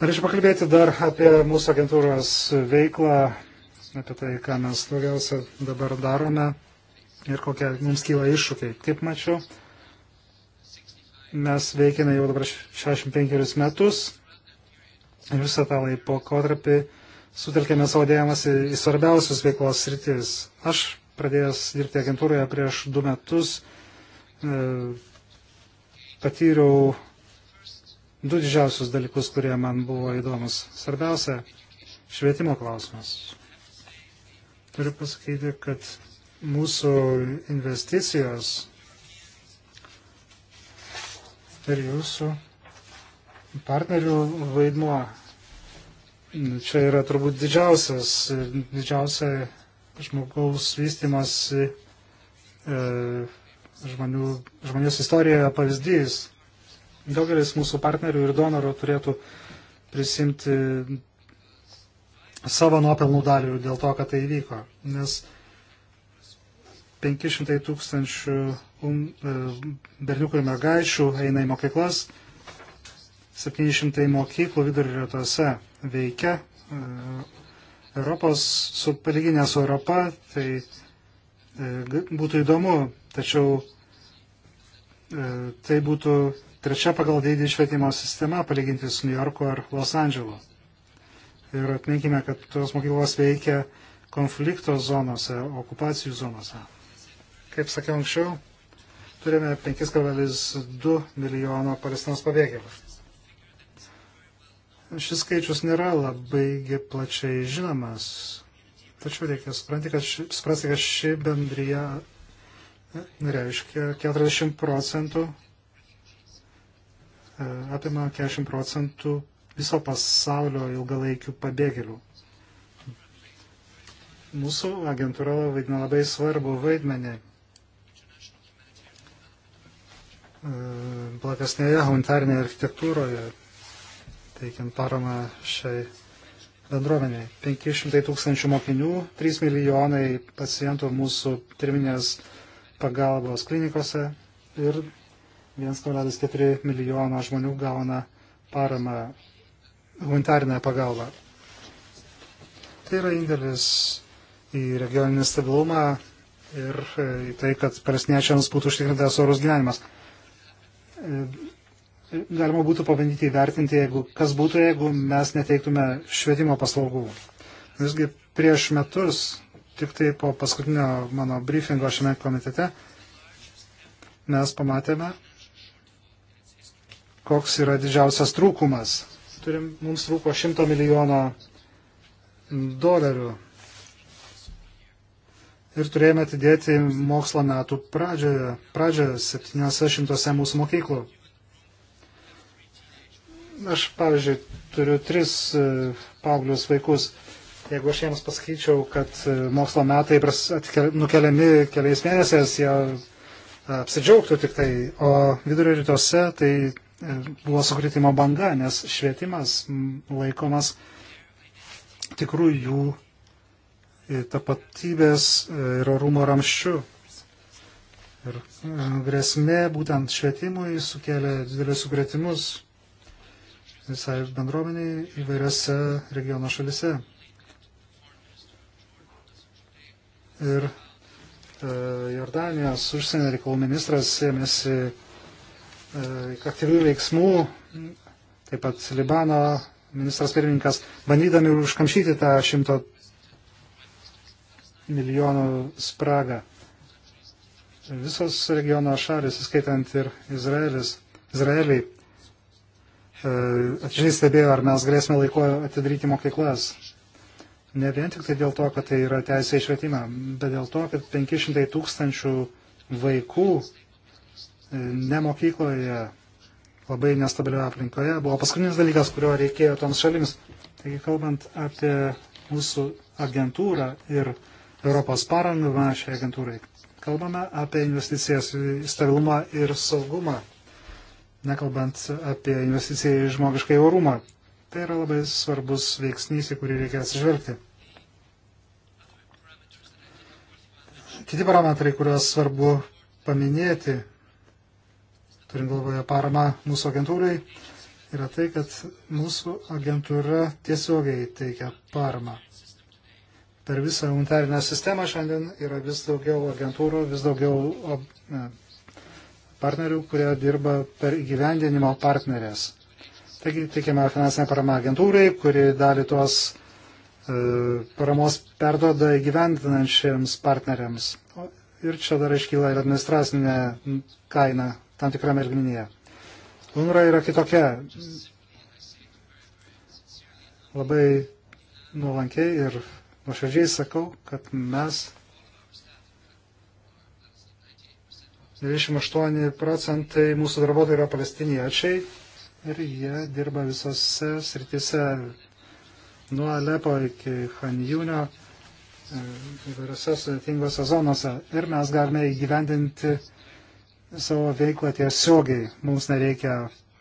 Norėčiau pakalbėti dar apie mūsų agentūros veiklą, apie tai, ką mes daugiausia dabar darome ir kokie mums kyla iššūkiai. Kaip mačiau, mes veikiame jau dabar 65 metus ir visą tą laiko tarpį sutelkėme savo dėmesį į svarbiausius veiklos sritis. Aš pradėjęs dirbti agentūroje prieš du metus e, patyriau du didžiausius dalykus, kurie man buvo įdomus. Svarbiausia - švietimo klausimas. Turiu pasakyti, kad mūsų investicijos ir jūsų partnerių vaidmuo čia yra turbūt didžiausias, didžiausia žmogaus vystimas e, žmonių, žmonijos istorijoje pavyzdys. Daugelis mūsų partnerių ir donorų turėtų prisimti savo nuopelnų dalį dėl to, kad tai įvyko. Nes 500 tūkstančių um, e, berniukų ir mergaičių eina į mokyklas, 700 mokyklų vidurio rytuose veikia. E, Europos, su palyginė su Europa, tai e, būtų įdomu, tačiau e, tai būtų trečia pagal dydį švietimo sistema palyginti su New Yorku ar Los Andželu. Ir atminkime, kad tos mokyklos veikia konflikto zonose, okupacijų zonose. Kaip sakiau anksčiau, turime 5,2 milijono palestinos pabėgėlių. Šis skaičius nėra labai plačiai žinomas, tačiau reikia supranti, kad ši, suprasti, kad ši bendryja e, reiškia 40 procentų, e, apima 40 procentų viso pasaulio ilgalaikių pabėgėlių. Mūsų agentūra vaidina labai svarbu vaidmenį e, platesnėje humanitarnėje architektūroje teikiant paramą šiai bendruomeniai. 500 tūkstančių mokinių, 3 milijonai pacientų mūsų terminės pagalbos klinikose ir 1,4 milijono žmonių gauna paramą humanitarinę pagalbą. Tai yra indėlis į regioninį stabilumą ir į tai, kad palestiniečiams būtų užtikrintas orus gyvenimas galima būtų pabandyti įvertinti, jeigu, kas būtų, jeigu mes neteiktume švietimo paslaugų. Visgi prieš metus, tik tai po paskutinio mano briefingo šiame komitete, mes pamatėme, koks yra didžiausias trūkumas. Turim, mums trūko 100 milijono dolerių ir turėjome atidėti mokslo metų pradžioje, pradžioje 700 mūsų mokyklų. Aš, pavyzdžiui, turiu tris e, paauglius vaikus. Jeigu aš jiems pasakyčiau, kad e, mokslo metai nukeliami keliais mėnesiais, jie e, apsidžiaugtų tik tai, o vidurio rytuose tai buvo sukritimo banga, nes švietimas laikomas tikrų jų tapatybės ir orumo ramščių. Ir grėsmė būtent švietimui sukėlė didelius sukretimus visai bendruomeniai įvairiose regiono šalise. Ir e, Jordanijos užsienio reikalų ministras ėmėsi e, aktyvių veiksmų, taip pat Libano ministras pirmininkas, bandydami užkamšyti tą šimto milijonų spragą. Visos regiono šalis, įskaitant ir Izraelis, Izraeliai, E, atidžiai stebėjo, ar mes galėsime laiko atidaryti mokyklas. Ne vien tik tai dėl to, kad tai yra teisė išvietimą, bet dėl to, kad 500 tūkstančių vaikų e, ne mokykloje, labai nestabilioje aplinkoje buvo paskutinis dalykas, kurio reikėjo toms šalims. Taigi, kalbant apie mūsų agentūrą ir Europos paramą šiai agentūrai, kalbame apie investicijas į stabilumą ir saugumą nekalbant apie investiciją į žmogišką orumą. Tai yra labai svarbus veiksnys, į kurį reikia atsižvelgti. Kiti parametrai, kuriuos svarbu paminėti, turint galvoje paramą mūsų agentūrai, yra tai, kad mūsų agentūra tiesiogiai teikia paramą. Per visą unitarinę sistemą šiandien yra vis daugiau agentūrų, vis daugiau ob, ne, partnerių, kurie dirba per gyvendinimo partnerės. Taigi teikiama finansinė parama agentūrai, kuri dalį tuos e, paramos perdoda gyvendinančiams partneriams. Ir čia dar iškyla ir administracinė kaina tam tikrame lygmenyje. UNRWA yra kitokia. Labai nuolankiai ir nuoširdžiai sakau, kad mes 28 procentai mūsų darbuotojų yra palestiniečiai ir jie dirba visose sritise nuo Alepo iki Hanjūnio e, įvairiose sudėtingose zonose. Ir mes galime įgyvendinti savo veiklą tiesiogiai. Mums nereikia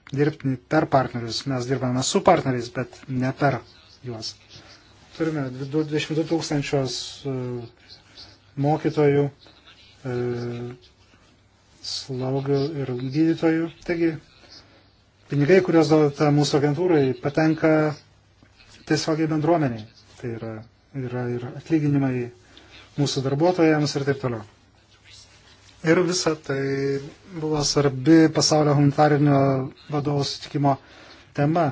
dirbti per partnerius. Mes dirbame su partneriais, bet ne per juos. Turime 22 tūkstančios e, mokytojų e, slaugių ir gydytojų. Taigi, pinigai, kuriuos duodate mūsų agentūrai, patenka tiesiogiai bendruomeniai. Tai yra, yra ir atlyginimai mūsų darbuotojams ir taip toliau. Ir visa tai buvo svarbi pasaulio humanitarinio vadovų sutikimo tema.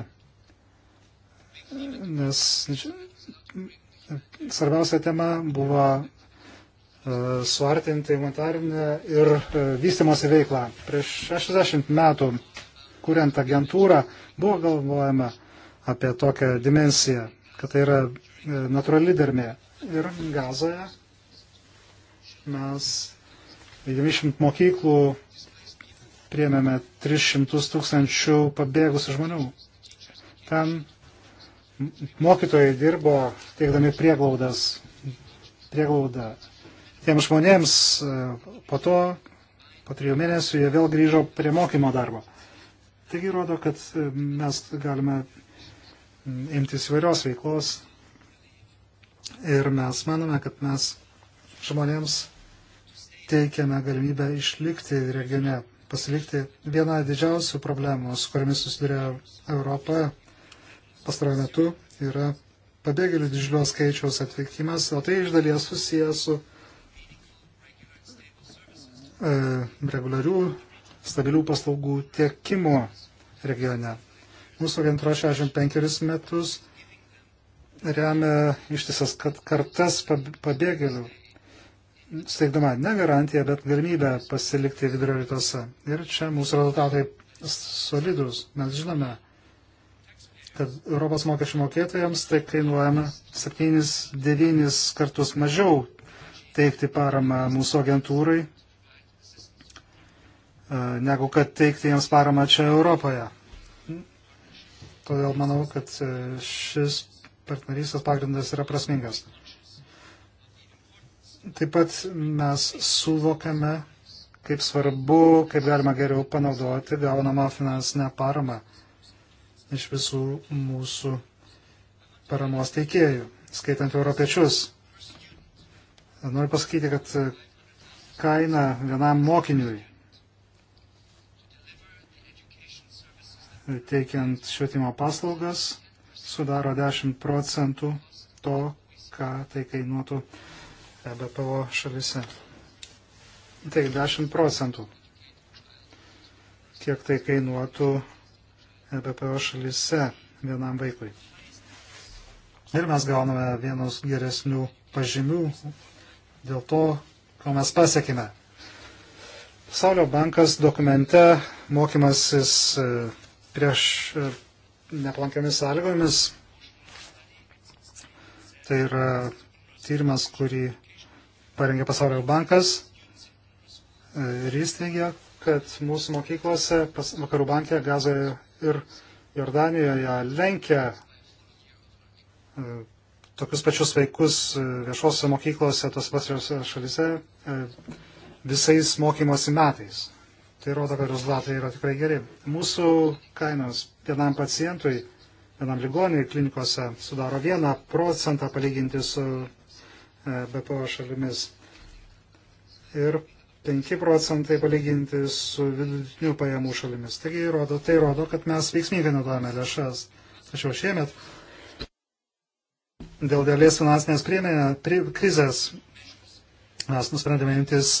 Nes svarbiausia tema buvo E, suartinti humanitarinę ir e, vystimosi veiklą. Prieš 60 metų, kuriant agentūrą, buvo galvojama apie tokią dimensiją, kad tai yra e, natūrali dermė. Ir gazoje mes 90 mokyklų priemėme 300 tūkstančių pabėgusių žmonių. Ten mokytojai dirbo teikdami prieglaudas. Prieglauda tiems žmonėms e, po to, po trijų mėnesių, jie vėl grįžo prie mokymo darbo. Taigi rodo, kad e, mes galime mm, imtis įvairios veiklos ir mes manome, kad mes žmonėms teikiame galimybę išlikti regione, pasilikti. Viena didžiausių problemų, su kuriamis susidurėjo Europa pastarojame metu, yra pabėgėlių didžiulio skaičiaus atvykimas, o tai iš dalies susijęs su E, reguliarių, stabilių paslaugų tiekimo regione. Mūsų agentūra 65 metus remia ištisas kartas pabėgėlių, steigdama ne garantiją, bet galimybę pasilikti vidurio rytuose. Ir čia mūsų rezultatai solidus. Mes žinome, kad Europos mokesčių mokėtojams tai kainuojama 7-9 kartus mažiau teikti paramą mūsų agentūrai E, negu kad teikti jiems paramą čia Europoje. Todėl manau, kad e, šis partnerystės pagrindas yra prasmingas. Taip pat mes suvokiame, kaip svarbu, kaip galima geriau panaudoti gaunamą finansinę paramą iš visų mūsų paramos teikėjų, skaitant europiečius. Noriu pasakyti, kad kaina vienam mokiniui teikiant švietimo paslaugas sudaro 10 procentų to, ką tai kainuotų e BPO šalise. Tai 10 procentų. Kiek tai kainuotų e BPO šalise vienam vaikui. Ir mes gauname vienus geresnių pažymių dėl to, ko mes pasiekime. Pasaulio bankas dokumente mokymasis prieš e, neplankiamis sąlygomis. Tai yra tyrimas, kurį parengė Pasaulio bankas e, ir jis teigia, kad mūsų mokyklose, pas, vakarų bankė, Gazoje ir Jordanijoje lenkia e, tokius pačius vaikus viešose mokyklose, tos pačiose šalise visais mokymosi metais. Tai rodo, kad rezultatai yra tikrai geri. Mūsų kainos vienam pacientui, vienam ligoniui klinikose sudaro 1 procentą palyginti su e, BPO šalimis ir 5 procentai palyginti su vidutinių pajamų šalimis. Taigi rodo, tai rodo, kad mes veiksmingai naudojame lėšas. Tačiau šiemet dėl dėlės finansinės priemonė, pri, krizės mes nusprendėme imtis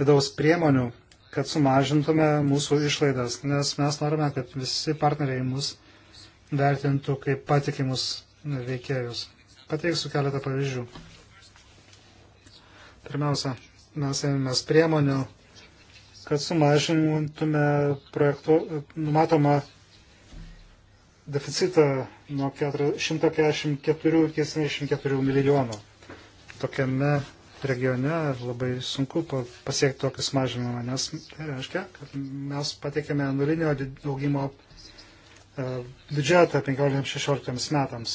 vidaus priemonių kad sumažintume mūsų išlaidas, nes mes norime, kad visi partneriai mus vertintų kaip patikimus veikėjus. Pateiksiu keletą pavyzdžių. Pirmiausia, mes ėmėmės priemonių, kad sumažintume projektu numatomą deficitą nuo 144 iki 74 milijonų. Tokiame regione labai sunku pasiekti tokį sumažinimą, nes tai reiškia, kad mes patikėme nulinio augimo e, biudžetą 15-16 metams.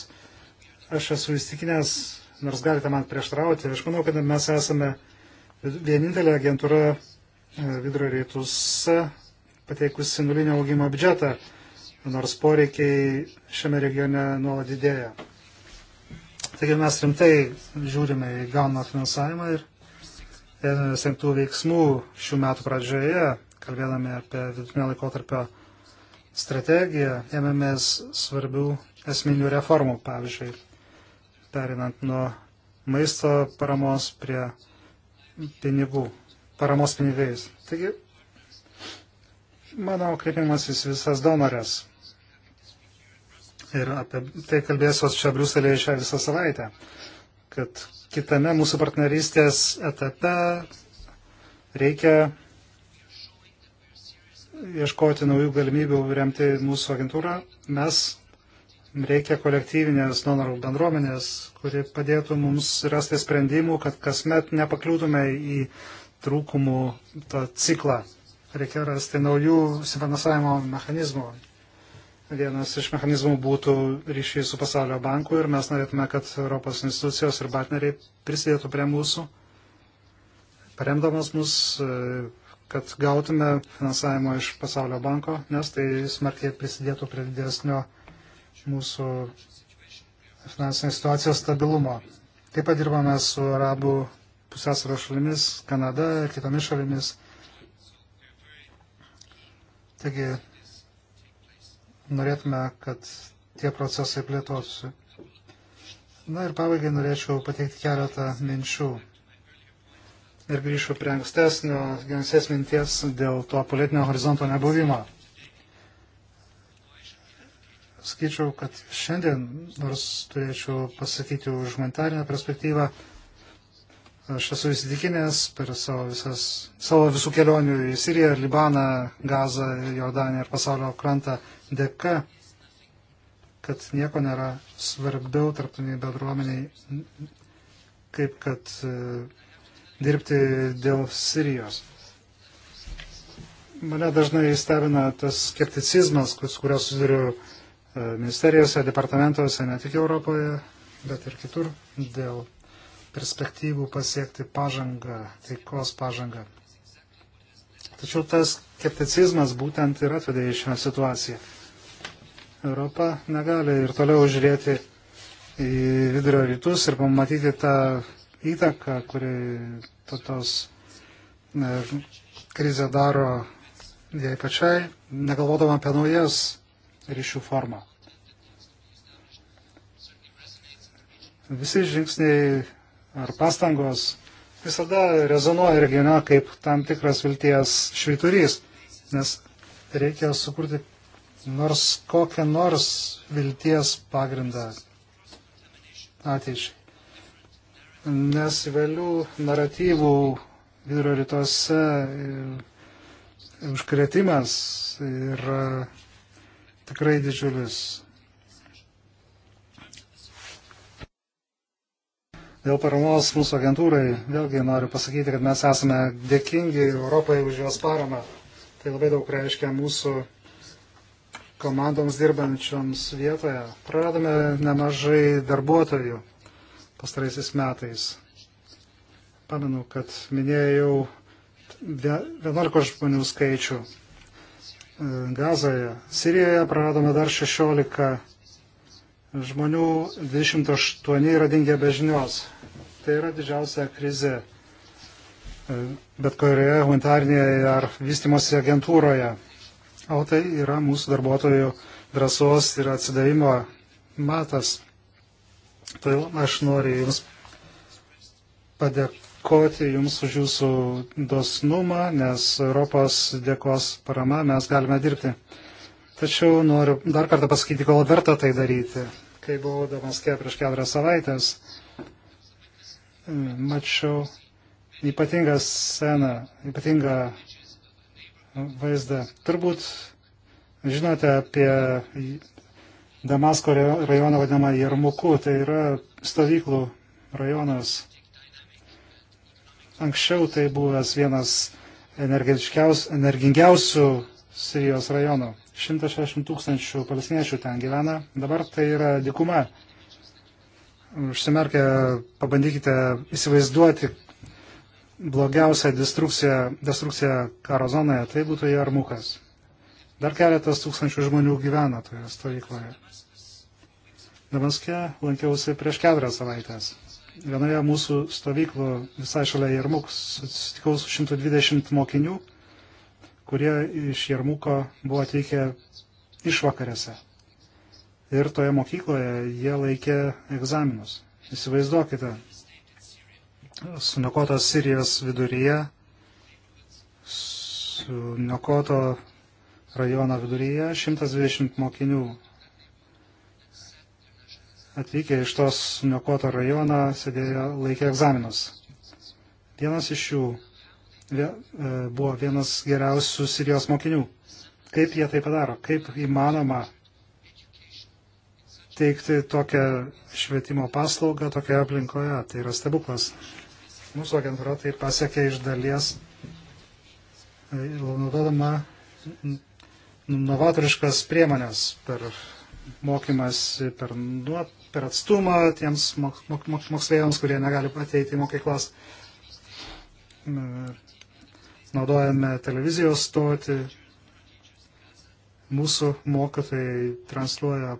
Aš esu įstikinęs, nors galite man prieštrauti, aš manau, kad mes esame vienintelė agentūra e, vidurio rytuose pateikusi nulinio augimo biudžetą, nors poreikiai šiame regione nuolat didėja. Taigi mes rimtai žiūrime į gaunamą finansavimą ir ėmėmės rimtų veiksmų šių metų pradžioje, kalbėdami apie vidutinio laikotarpio strategiją, ėmėmės svarbių esminių reformų, pavyzdžiui, perinant nuo maisto paramos prie pinigų, paramos pinigais. Taigi, mano kreipimasis visas donorės ir apie tai kalbėsiuos čia Briuselėje šią visą savaitę, kad kitame mūsų partnerystės etape reikia ieškoti naujų galimybių remti mūsų agentūrą. Mes reikia kolektyvinės donorų bendruomenės, kuri padėtų mums rasti sprendimų, kad kasmet nepakliūtume į trūkumų tą ciklą. Reikia rasti naujų finansavimo mechanizmų. Vienas iš mechanizmų būtų ryšiai su pasaulio banku ir mes norėtume, kad Europos institucijos ir partneriai prisidėtų prie mūsų, paremdamas mus, e, kad gautume finansavimo iš pasaulio banko, nes tai smarkiai prisidėtų prie didesnio mūsų finansinės situacijos stabilumo. Taip pat dirbame su arabų pusėsaro šalimis, Kanada ir kitomis šalimis. Taigi norėtume, kad tie procesai plėtosiu. Na ir pabaigai norėčiau pateikti keletą minčių. Ir grįšiu prie ankstesnio, ankstesnės minties dėl to politinio horizonto nebuvimo. Skaičiau, kad šiandien, nors turėčiau pasakyti už humanitarinę perspektyvą, Aš esu įsitikinęs per savo, visas, savo visų kelionių į Siriją, Libaną, Gazą, Jordaniją ir pasaulio krantą dėka, kad nieko nėra svarbiau tarptautiniai bendruomeniai, kaip kad e, dirbti dėl Sirijos. Mane dažnai stebina tas skepticizmas, kurio susiduriu e, ministerijose, departamentuose, ne tik Europoje, bet ir kitur, dėl perspektyvų pasiekti pažangą, taikos pažangą. Tačiau tas skepticizmas būtent ir atvedė į šią situaciją. Europa negali ir toliau žiūrėti į vidurio rytus ir pamatyti tą įtaką, kuri to, tos e, krizę daro jai pačiai, negalvodama apie naujas ryšių formą. Visi žingsniai ar pastangos visada rezonuoja regione kaip tam tikras vilties švyturys, nes reikia sukurti nors kokią nors vilties pagrindą ateičiai. Nes įvairių naratyvų vidurio rytuose užkretimas yra tikrai didžiulis. Dėl paramos mūsų agentūrai, vėlgi noriu pasakyti, kad mes esame dėkingi Europai už jos paramą. Tai labai daug reiškia mūsų komandoms dirbančioms vietoje. Praradome nemažai darbuotojų pastaraisiais metais. Pamenu, kad minėjau 11 žmonių skaičių e, Gazoje. Sirijoje praradome dar 16 žmonių 28 yra dingę be žinios. Tai yra didžiausia krizė e, bet kurioje humanitarnėje ar vystimosi agentūroje. O tai yra mūsų darbuotojų drąsos ir atsidavimo matas. Todėl aš noriu Jums padėkoti Jums už Jūsų dosnumą, nes Europos dėkos parama mes galime dirbti. Tačiau noriu dar kartą pasakyti, kol verta tai daryti kai buvau Damaske prieš keturias savaitės, e, mačiau ypatingą sceną, ypatingą vaizdą. Turbūt žinote apie Damasko rajoną vadinamą Jarmuku, tai yra stovyklų rajonas. Anksčiau tai buvęs vienas energingiausių Sirijos rajonų. 160 tūkstančių palestiniečių ten gyvena. Dabar tai yra dikuma. Užsimerkę, pabandykite įsivaizduoti blogiausią destrukciją, destrukciją karo zonoje. Tai būtų Jarmukas. Dar keletas tūkstančių žmonių gyvena toje stovykloje. Damaske lankiausi prieš keturias savaitės. Vienoje mūsų stovyklų visai šalia Jarmuk susitikau su 120 mokinių kurie iš Jarmuko buvo atvykę išvakarėse. Ir toje mokykloje jie laikė egzaminus. Įsivaizduokite, suniokotas Sirijos viduryje, suniokoto rajono viduryje 120 mokinių atvykę iš tos suniokoto rajono sėdėjo laikė egzaminus. Vienas iš jų E, buvo vienas geriausių Sirijos mokinių. Kaip jie tai padaro? Kaip įmanoma teikti tokią švietimo paslaugą tokioje aplinkoje? Tai yra stebuklas. Mūsų agentūra tai pasiekė iš dalies e, naudodama novatoriškas priemonės per mokymas, per, nu, per atstumą tiems mok, mok, mok, moksleiviams, kurie negali ateiti į mokyklas. E, naudojame televizijos stotį, mūsų mokytojai transliuoja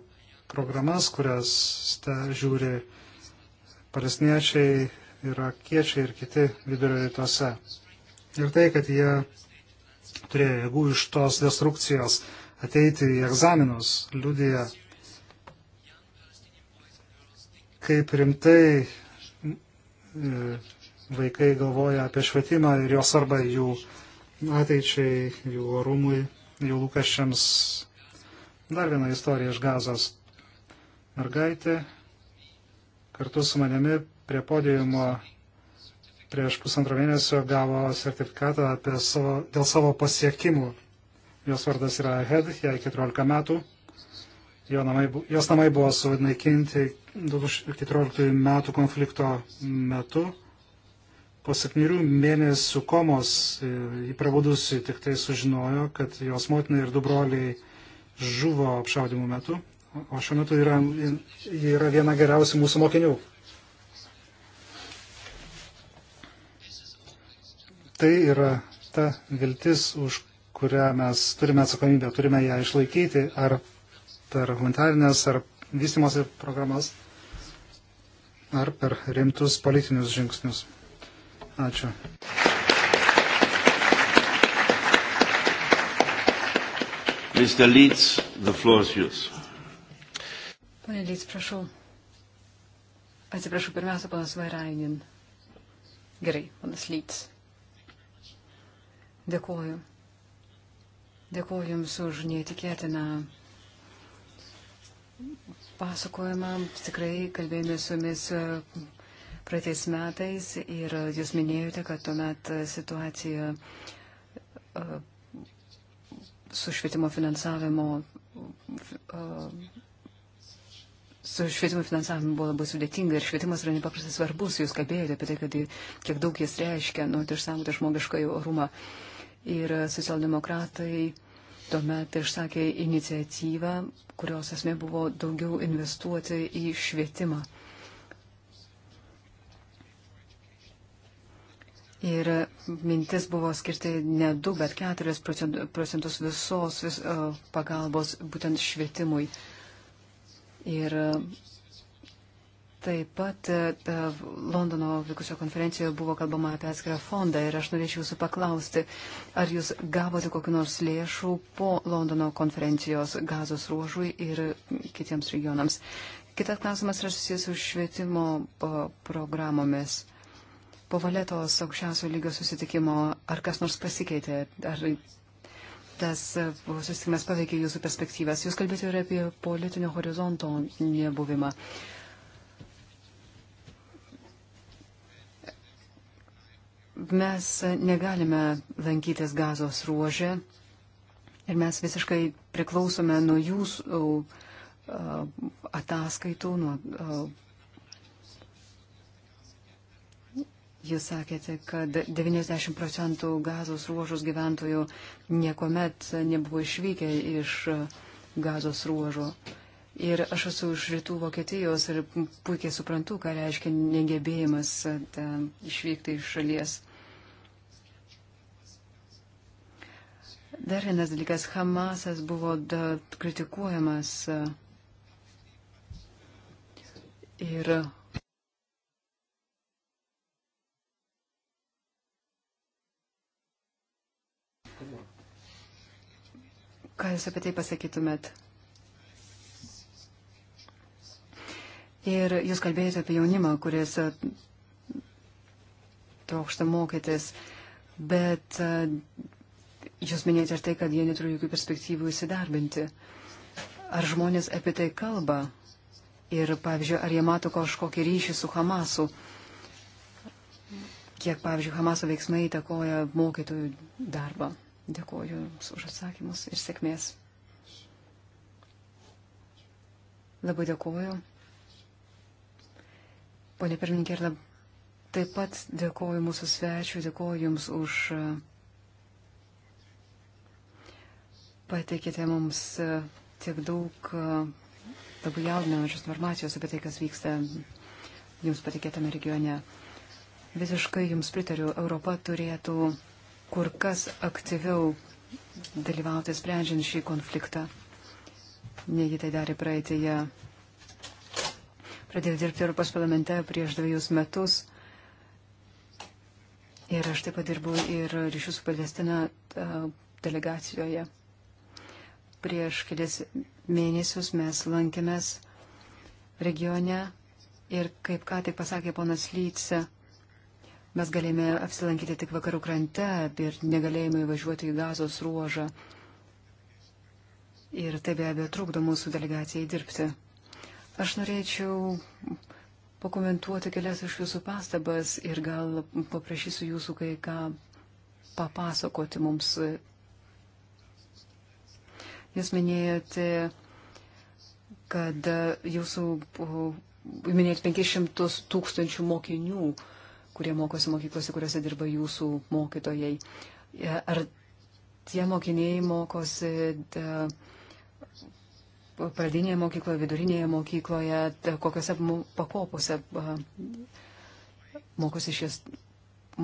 programas, kurias žiūri palestiniečiai, irakiečiai ir kiti vidurio rytuose. Ir tai, kad jie turėjo jėgų iš tos destrukcijos ateiti į egzaminus, liudija, kaip rimtai e, vaikai galvoja apie švietimą ir jos arba jų ateičiai, jų orumui, jų lūkesčiams. Dar viena istorija iš gazos. Mergaitė kartu su manimi prie podiumo prieš pusantro mėnesio gavo sertifikatą savo, dėl savo pasiekimų. Jos vardas yra Hed, jai 14 metų. Jo namai, jos namai buvo sunaikinti 2014 metų konflikto metu po septynių mėnesių komos e, į prabūdusi tik tai sužinojo, kad jos motina ir du broliai žuvo apšaudimų metu, o šiuo metu yra, yra viena geriausių mūsų mokinių. Tai yra ta viltis, už kurią mes turime atsakomybę, turime ją išlaikyti ar per humanitarinės, ar vystimosi programas, ar per rimtus politinius žingsnius. Ačiū. Mr. Leeds, the floor is yours. Pane Leeds, prašau. Atsiprašau, pirmiausia, panas Vairainin. Gerai, panas Leeds. Dėkuoju. Dėkuoju Jums už neįtikėtiną pasakojimą. Tikrai kalbėjome su Jumis praeitais metais ir jūs minėjote, kad tuomet situacija e, su švietimo finansavimo e, su švietimo finansavimu buvo labai sudėtinga ir švietimas yra nepaprastai svarbus, jūs kalbėjote apie tai, kad kiek daug jis reiškia, nu, tai išsaugoti žmogišką orumą. Ir socialdemokratai tuomet išsakė iniciatyvą, kurios esmė buvo daugiau investuoti į švietimą. Ir mintis buvo skirti ne 2, bet 4 procentus visos vis, e, pagalbos būtent švietimui. Ir e, Taip pat e, Londono vykusio konferencijoje buvo kalbama apie atskirą fondą ir aš norėčiau jūsų paklausti, ar jūs gavote kokiu nors lėšų po Londono konferencijos gazos ruožui ir kitiems regionams. Kitas klausimas yra susijęs su švietimo programomis po Valetos aukščiausio lygio susitikimo, ar kas nors pasikeitė, ar tas e, susitikimas paveikė jūsų perspektyvas. Jūs kalbėjote ir apie politinio horizonto nebuvimą. Mes negalime lankytis gazos ruožė ir mes visiškai priklausome nuo jūsų e, ataskaitų, nuo e, Jūs sakėte, kad 90 procentų gazos ruožos gyventojų niekuomet nebuvo išvykę iš gazos ruožo. Ir aš esu iš rytų Vokietijos ir puikiai suprantu, ką reiškia negebėjimas e, ta, išvykti iš šalies. Dar vienas dalykas, Hamasas buvo da, kritikuojamas e, ir Ką Jūs apie tai pasakytumėt? Ir Jūs kalbėjote apie jaunimą, kuris e, trokšta mokytis, bet e, Jūs minėjote ir tai, kad jie neturi jokių perspektyvų įsidarbinti. Ar žmonės apie tai kalba? Ir, pavyzdžiui, ar jie mato kažkokį ryšį su Hamasu? Kiek, pavyzdžiui, Hamaso veiksmai įtakoja mokytojų darbą? Dėkuoju Jums už atsakymus ir sėkmės. Labai dėkuoju. Pone pirmininkė, lab... taip pat dėkuoju mūsų svečiu, dėkuoju Jums už e, pateikėte mums e, tiek daug e, labai jaudinančios informacijos apie tai, kas vyksta Jums patikėtame regione. Visiškai Jums pritariu, Europa turėtų kur kas aktyviau dalyvauti sprendžiant šį konfliktą, nei jį tai darė praeitėje. Pradėjau dirbti Europos parlamente prieš dviejus metus. Ir aš taip pat dirbu ir ryšių su Palestina e, delegacijoje. Prieš kelias mėnesius mes lankėmės regione ir, kaip ką tik pasakė ponas Lytse, Mes galėjome apsilankyti tik vakarų krante ir negalėjome įvažiuoti į gazos ruožą. Ir tai be abejo trukdo mūsų delegacijai dirbti. Aš norėčiau pakomentuoti kelias iš jūsų pastabas ir gal paprašysiu jūsų kai ką papasakoti mums. Jūs minėjote, kad jūsų, minėjot 500 tūkstančių mokinių kurie mokosi mokyklose, kuriuose dirba jūsų mokytojai. E, ar tie mokiniai mokosi e, pradinėje mokykloje, vidurinėje mokykloje, e, kokiuose pakopose mokosi šis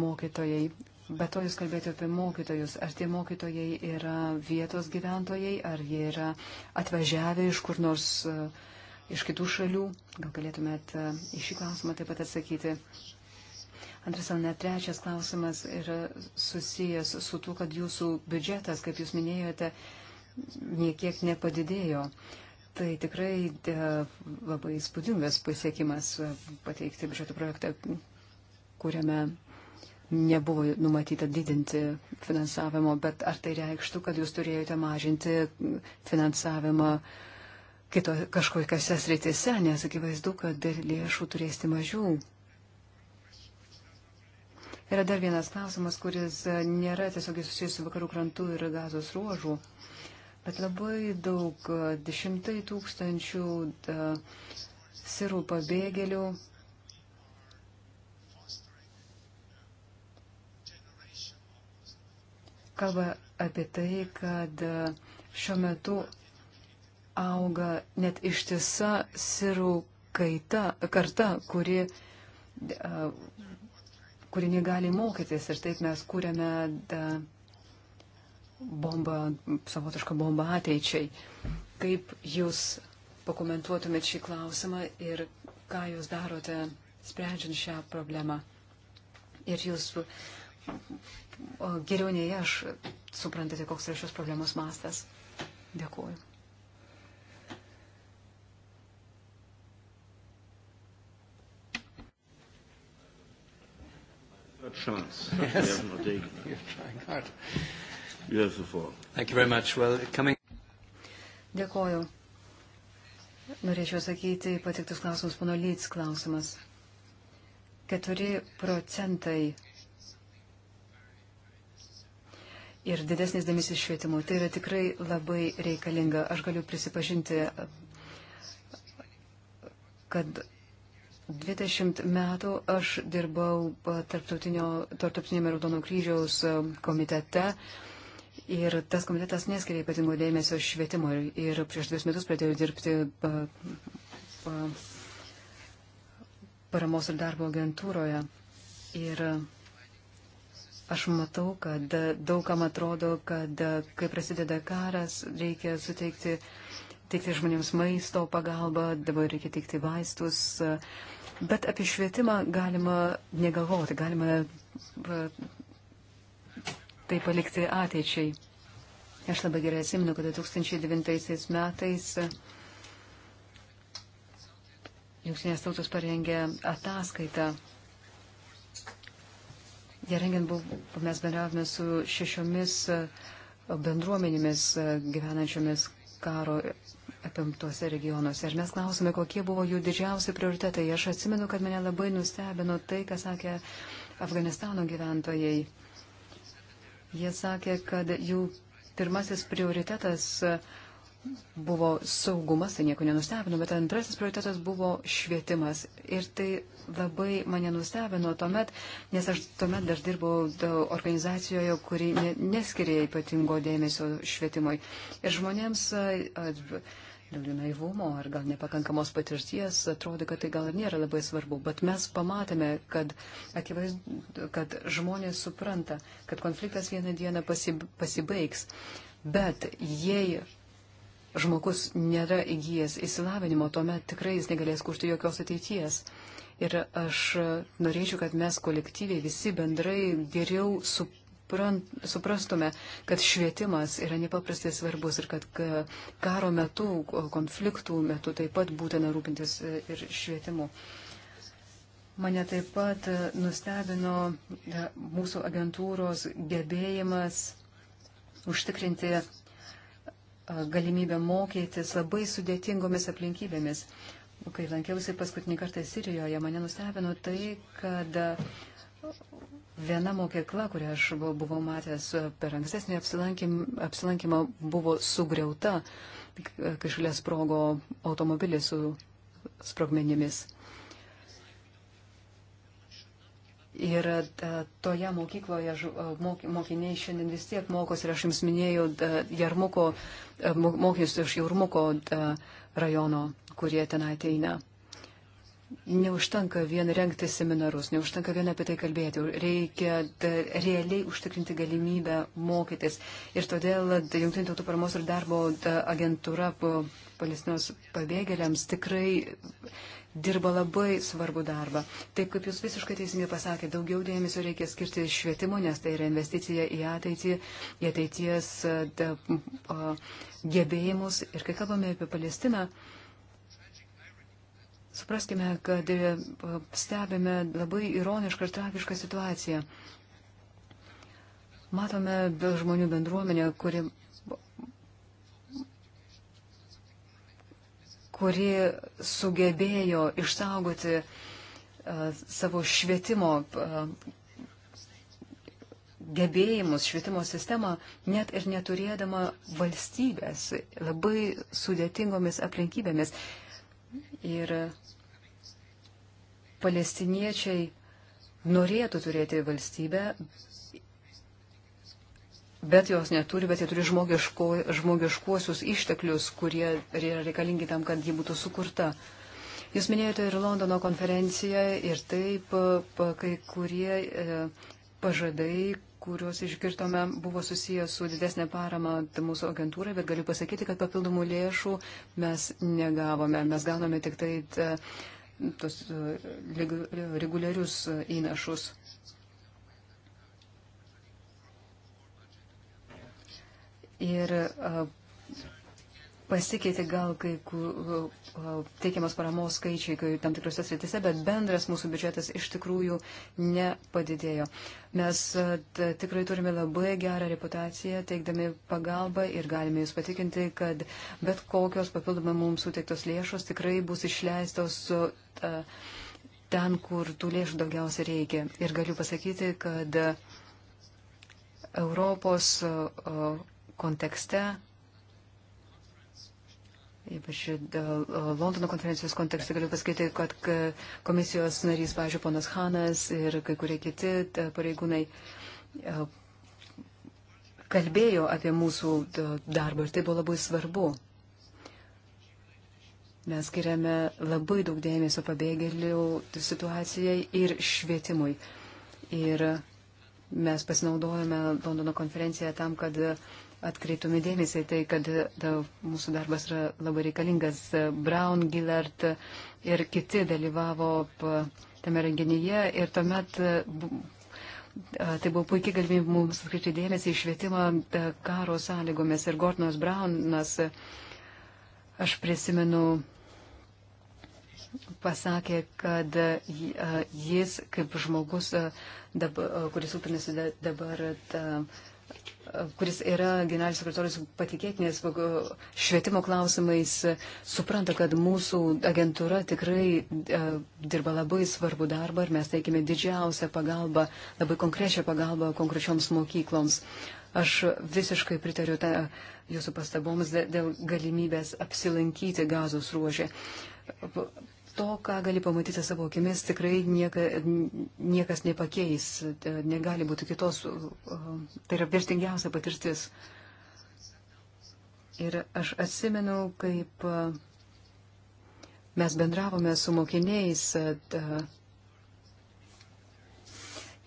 mokytojai. Bet to jūs kalbėjote apie mokytojus. Ar tie mokytojai yra vietos gyventojai, ar jie yra atvažiavę iš kur nors iš kitų šalių? Gal galėtumėt į šį klausimą taip pat atsakyti. Antras, ar net trečias klausimas yra susijęs su tuo, kad jūsų biudžetas, kaip jūs minėjote, niekiek nepadidėjo. Tai tikrai de, labai įspūdingas pasiekimas e, pateikti biudžeto projektą, kuriame nebuvo numatyta didinti finansavimo, bet ar tai reikštų, kad jūs turėjote mažinti finansavimą kito, kažkokiose sritise, nes akivaizdu, kad lėšų turėsite mažiau. Yra dar vienas klausimas, kuris e, nėra tiesiogiai susijęs su vakarų krantų ir gazos ruožų, bet labai daug, e, dešimtai tūkstančių da, e, sirų pabėgėlių kalba apie tai, kad šiuo metu auga net ištisa sirų kaita, karta, kuri kuri negali mokytis ir taip mes kūrėme bombą, savotišką bombą ateičiai. Kaip jūs pakomentuotumėt šį klausimą ir ką jūs darote sprendžiant šią problemą. Ir jūs geriau nei aš suprantate, koks yra šios problemos mastas. Dėkuoju. a chance. <laughs> Yes. We have not taken it. You're trying hard. You have the floor. Thank you very much. Well, coming... Dėkoju. Norėčiau sakyti patiktus klausimus, pono Lyts klausimas. 4 procentai ir didesnis dėmesys švietimui. Tai yra tikrai labai reikalinga. Aš galiu prisipažinti, kad 20 metų aš dirbau tarptautinėme Raudono kryžiaus komitete. Ir tas komitetas neskiria ypatingo dėmesio švietimo. Ir, ir prieš dvius metus pradėjau dirbti pa, pa, paramos ir darbo agentūroje. Ir aš matau, kad daugam atrodo, kad kai prasideda karas, reikia suteikti teikti žmonėms maisto pagalbą, dabar reikia teikti vaistus. Uh, Bet apie švietimą galima negalvoti, galima tai palikti ateičiai. Aš labai gerai atsimenu, kad 2009 metais Junktinės tautos parengė ataskaitą. Jie rengiant buvo, mes bendravome su šešiomis bendruomenėmis gyvenančiomis karo apimtuose regionuose. Ir mes klausome, kokie buvo jų didžiausi prioritetai. Aš atsimenu, kad mane labai nustebino tai, ką sakė Afganistano gyventojai. Jie sakė, kad jų pirmasis prioritetas buvo saugumas, tai nieko nenustebino, bet antrasis prioritetas buvo švietimas. Ir tai labai mane nustebino tuomet, nes aš tuomet dar dirbau organizacijoje, kuri neskiria ypatingo dėmesio švietimui. Ir žmonėms daugiau naivumo ar gal nepakankamos patirties, atrodo, kad tai gal ir nėra labai svarbu, bet mes pamatėme, kad, akivaizd, kad žmonės supranta, kad konfliktas vieną dieną pasib, pasibaigs, bet jei žmogus nėra įgyjęs įsilavinimo, tuomet tikrai jis negalės kurti jokios ateities. Ir aš norėčiau, kad mes kolektyviai visi bendrai geriau suprantame, suprant, suprastume, kad švietimas yra nepaprastai svarbus ir kad karo metu, konfliktų metu taip pat būtina rūpintis e, ir švietimu. Mane taip pat e, nustebino e, mūsų agentūros gebėjimas užtikrinti galimybę mokytis labai sudėtingomis aplinkybėmis. Kai lankiausi paskutinį kartą Sirijoje, mane nustebino tai, kad Viena mokykla, kurią aš buvau matęs per ankstesnį apsilankymą, buvo sugriauta, e, kai šalia sprogo automobilis su sprogmenimis. Ir e, toje mokykloje e, mokiniai šiandien vis tiek mokosi, ir aš jums minėjau Jarmuko, mokinius iš Jarmuko rajono, kurie ten ateina. Neužtenka vien rengti seminarus, neužtenka vien apie tai kalbėti, reikia realiai užtikrinti galimybę mokytis. Ir todėl Junktinių tautų paramos ir darbo agentūra po Palestinos pabėgėliams tikrai dirba labai svarbu darbą. Taip kaip jūs visiškai teisingai pasakė, daugiau dėmesio reikia skirti švietimu, nes tai yra investicija į ateitį, į ateities da, a, gebėjimus. Ir kai kalbame apie Palestiną, Supraskime, kad e, stebime labai ironišką ir tragišką situaciją. Matome žmonių bendruomenę, kuri, kuri sugebėjo išsaugoti e, savo švietimo e, gebėjimus, švietimo sistemą, net ir neturėdama valstybės labai sudėtingomis aplinkybėmis. Ir palestiniečiai norėtų turėti valstybę, bet jos neturi, bet jie turi žmogiško, žmogiškuosius išteklius, kurie yra reikalingi tam, kad ji būtų sukurta. Jūs minėjote ir Londono konferenciją ir taip kai kurie e, pažadai, kuriuos išgirtome, buvo susijęs su didesnė parama mūsų agentūrai, bet galiu pasakyti, kad papildomų lėšų mes negavome. Mes gauname tik tai tos e, reguliarius įnašus. Ir pasikeitė gal kai teikiamas paramos skaičiai kai tam tikrose sritise, bet bendras mūsų biudžetas iš tikrųjų nepadidėjo. Mes e, tikrai turime labai gerą reputaciją teikdami pagalbą ir galime jūs patikinti, kad bet kokios papildomai mums suteiktos lėšos tikrai bus išleistos. Ta, e, ten, kur tų lėšų daugiausia reikia. Ir galiu pasakyti, kad Europos kontekste Ypač e, e, Londono konferencijos kontekste galiu pasakyti, kad komisijos narys, pažiūrėjau, ponas Hanas ir kai kurie kiti e, pareigūnai kalbėjo apie mūsų darbą ir tai buvo labai svarbu. Mes skiriame labai daug dėmesio pabėgėlių situacijai ir švietimui. Ir mes pasinaudojame Londono konferenciją tam, kad uh, atkreiptume dėmesį tai, kad da, mūsų darbas yra labai reikalingas. Brown, Gillard ir kiti dalyvavo tame renginyje ir tuomet e, Tai buvo puikiai galimybė mums atkreipti dėmesį į švietimą karo sąlygomis. Ir Gordonas Braunas, aš prisimenu, pasakė, kad e, jis kaip žmogus, dabar, kuris rūpinasi dabar kuris yra generalinis sekretorius patikėtinės švietimo klausimais, supranta, kad mūsų agentūra tikrai e, dirba labai svarbu darbą ir mes teikime didžiausią pagalbą, labai konkrečią pagalbą konkrečioms mokykloms. Aš visiškai pritariu ta, jūsų pastaboms dėl galimybės apsilankyti gazos ruožė to, ką gali pamatyti savo akimis, tikrai nieka, niekas nepakeis, e, negali būti kitos, e, tai yra vertingiausia patirtis. Ir aš atsimenu, kaip e, mes bendravome su mokiniais. Ta,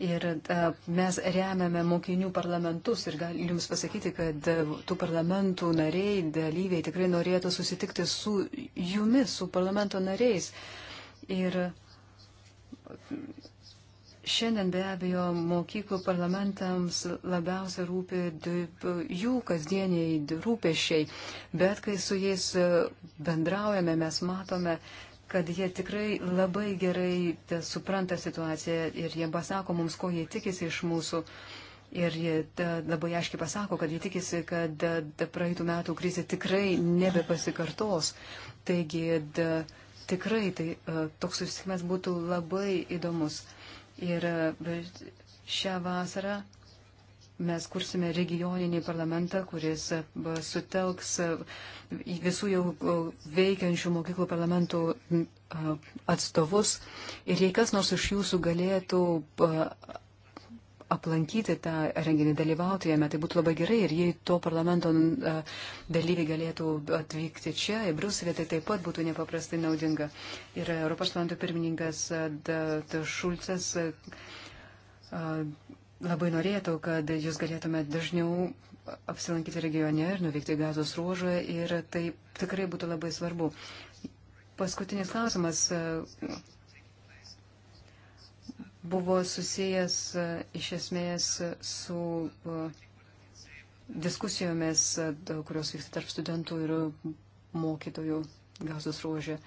Ir e, mes remiame mokinių parlamentus ir galiu Jums pasakyti, kad e, tų parlamentų nariai, dalyviai tikrai norėtų susitikti su Jumis, su parlamento nariais. Ir Šiandien be abejo mokyklų parlamentams labiausia rūpi jų kasdieniai rūpešiai, bet kai su jais e, bendraujame, mes matome, kad jie tikrai labai gerai supranta situaciją ir jie pasako mums, ko jie tikisi iš mūsų. Ir jie labai aiškiai pasako, kad jie tikisi, kad da, da, praeitų metų krizė tikrai nebepasikartos. Taigi da, tikrai tai, e, toks susitikimas būtų labai įdomus. Ir e, šią vasarą mes kursime regioninį parlamentą, kuris sutelks e, visų jau e, veikiančių mokyklų parlamentų atstovus. Ir jei kas nors iš jūsų galėtų aplankyti tą renginį, dalyvauti jame, tai būtų labai gerai. Ir jei to parlamento dalyviai galėtų atvykti čia, į Bruselį, tai taip pat būtų nepaprastai naudinga. Ir Europos parlamento pirmininkas Šulcas. Uh, labai norėtų, kad jūs galėtumėte dažniau apsilankyti regione ir nuvykti gazos ruožą ir tai tikrai būtų labai svarbu. Paskutinis klausimas e, buvo susijęs e, iš esmės su e, diskusijomis, kurios vyksta tarp studentų ir mokytojų gazos ruožė. Uh,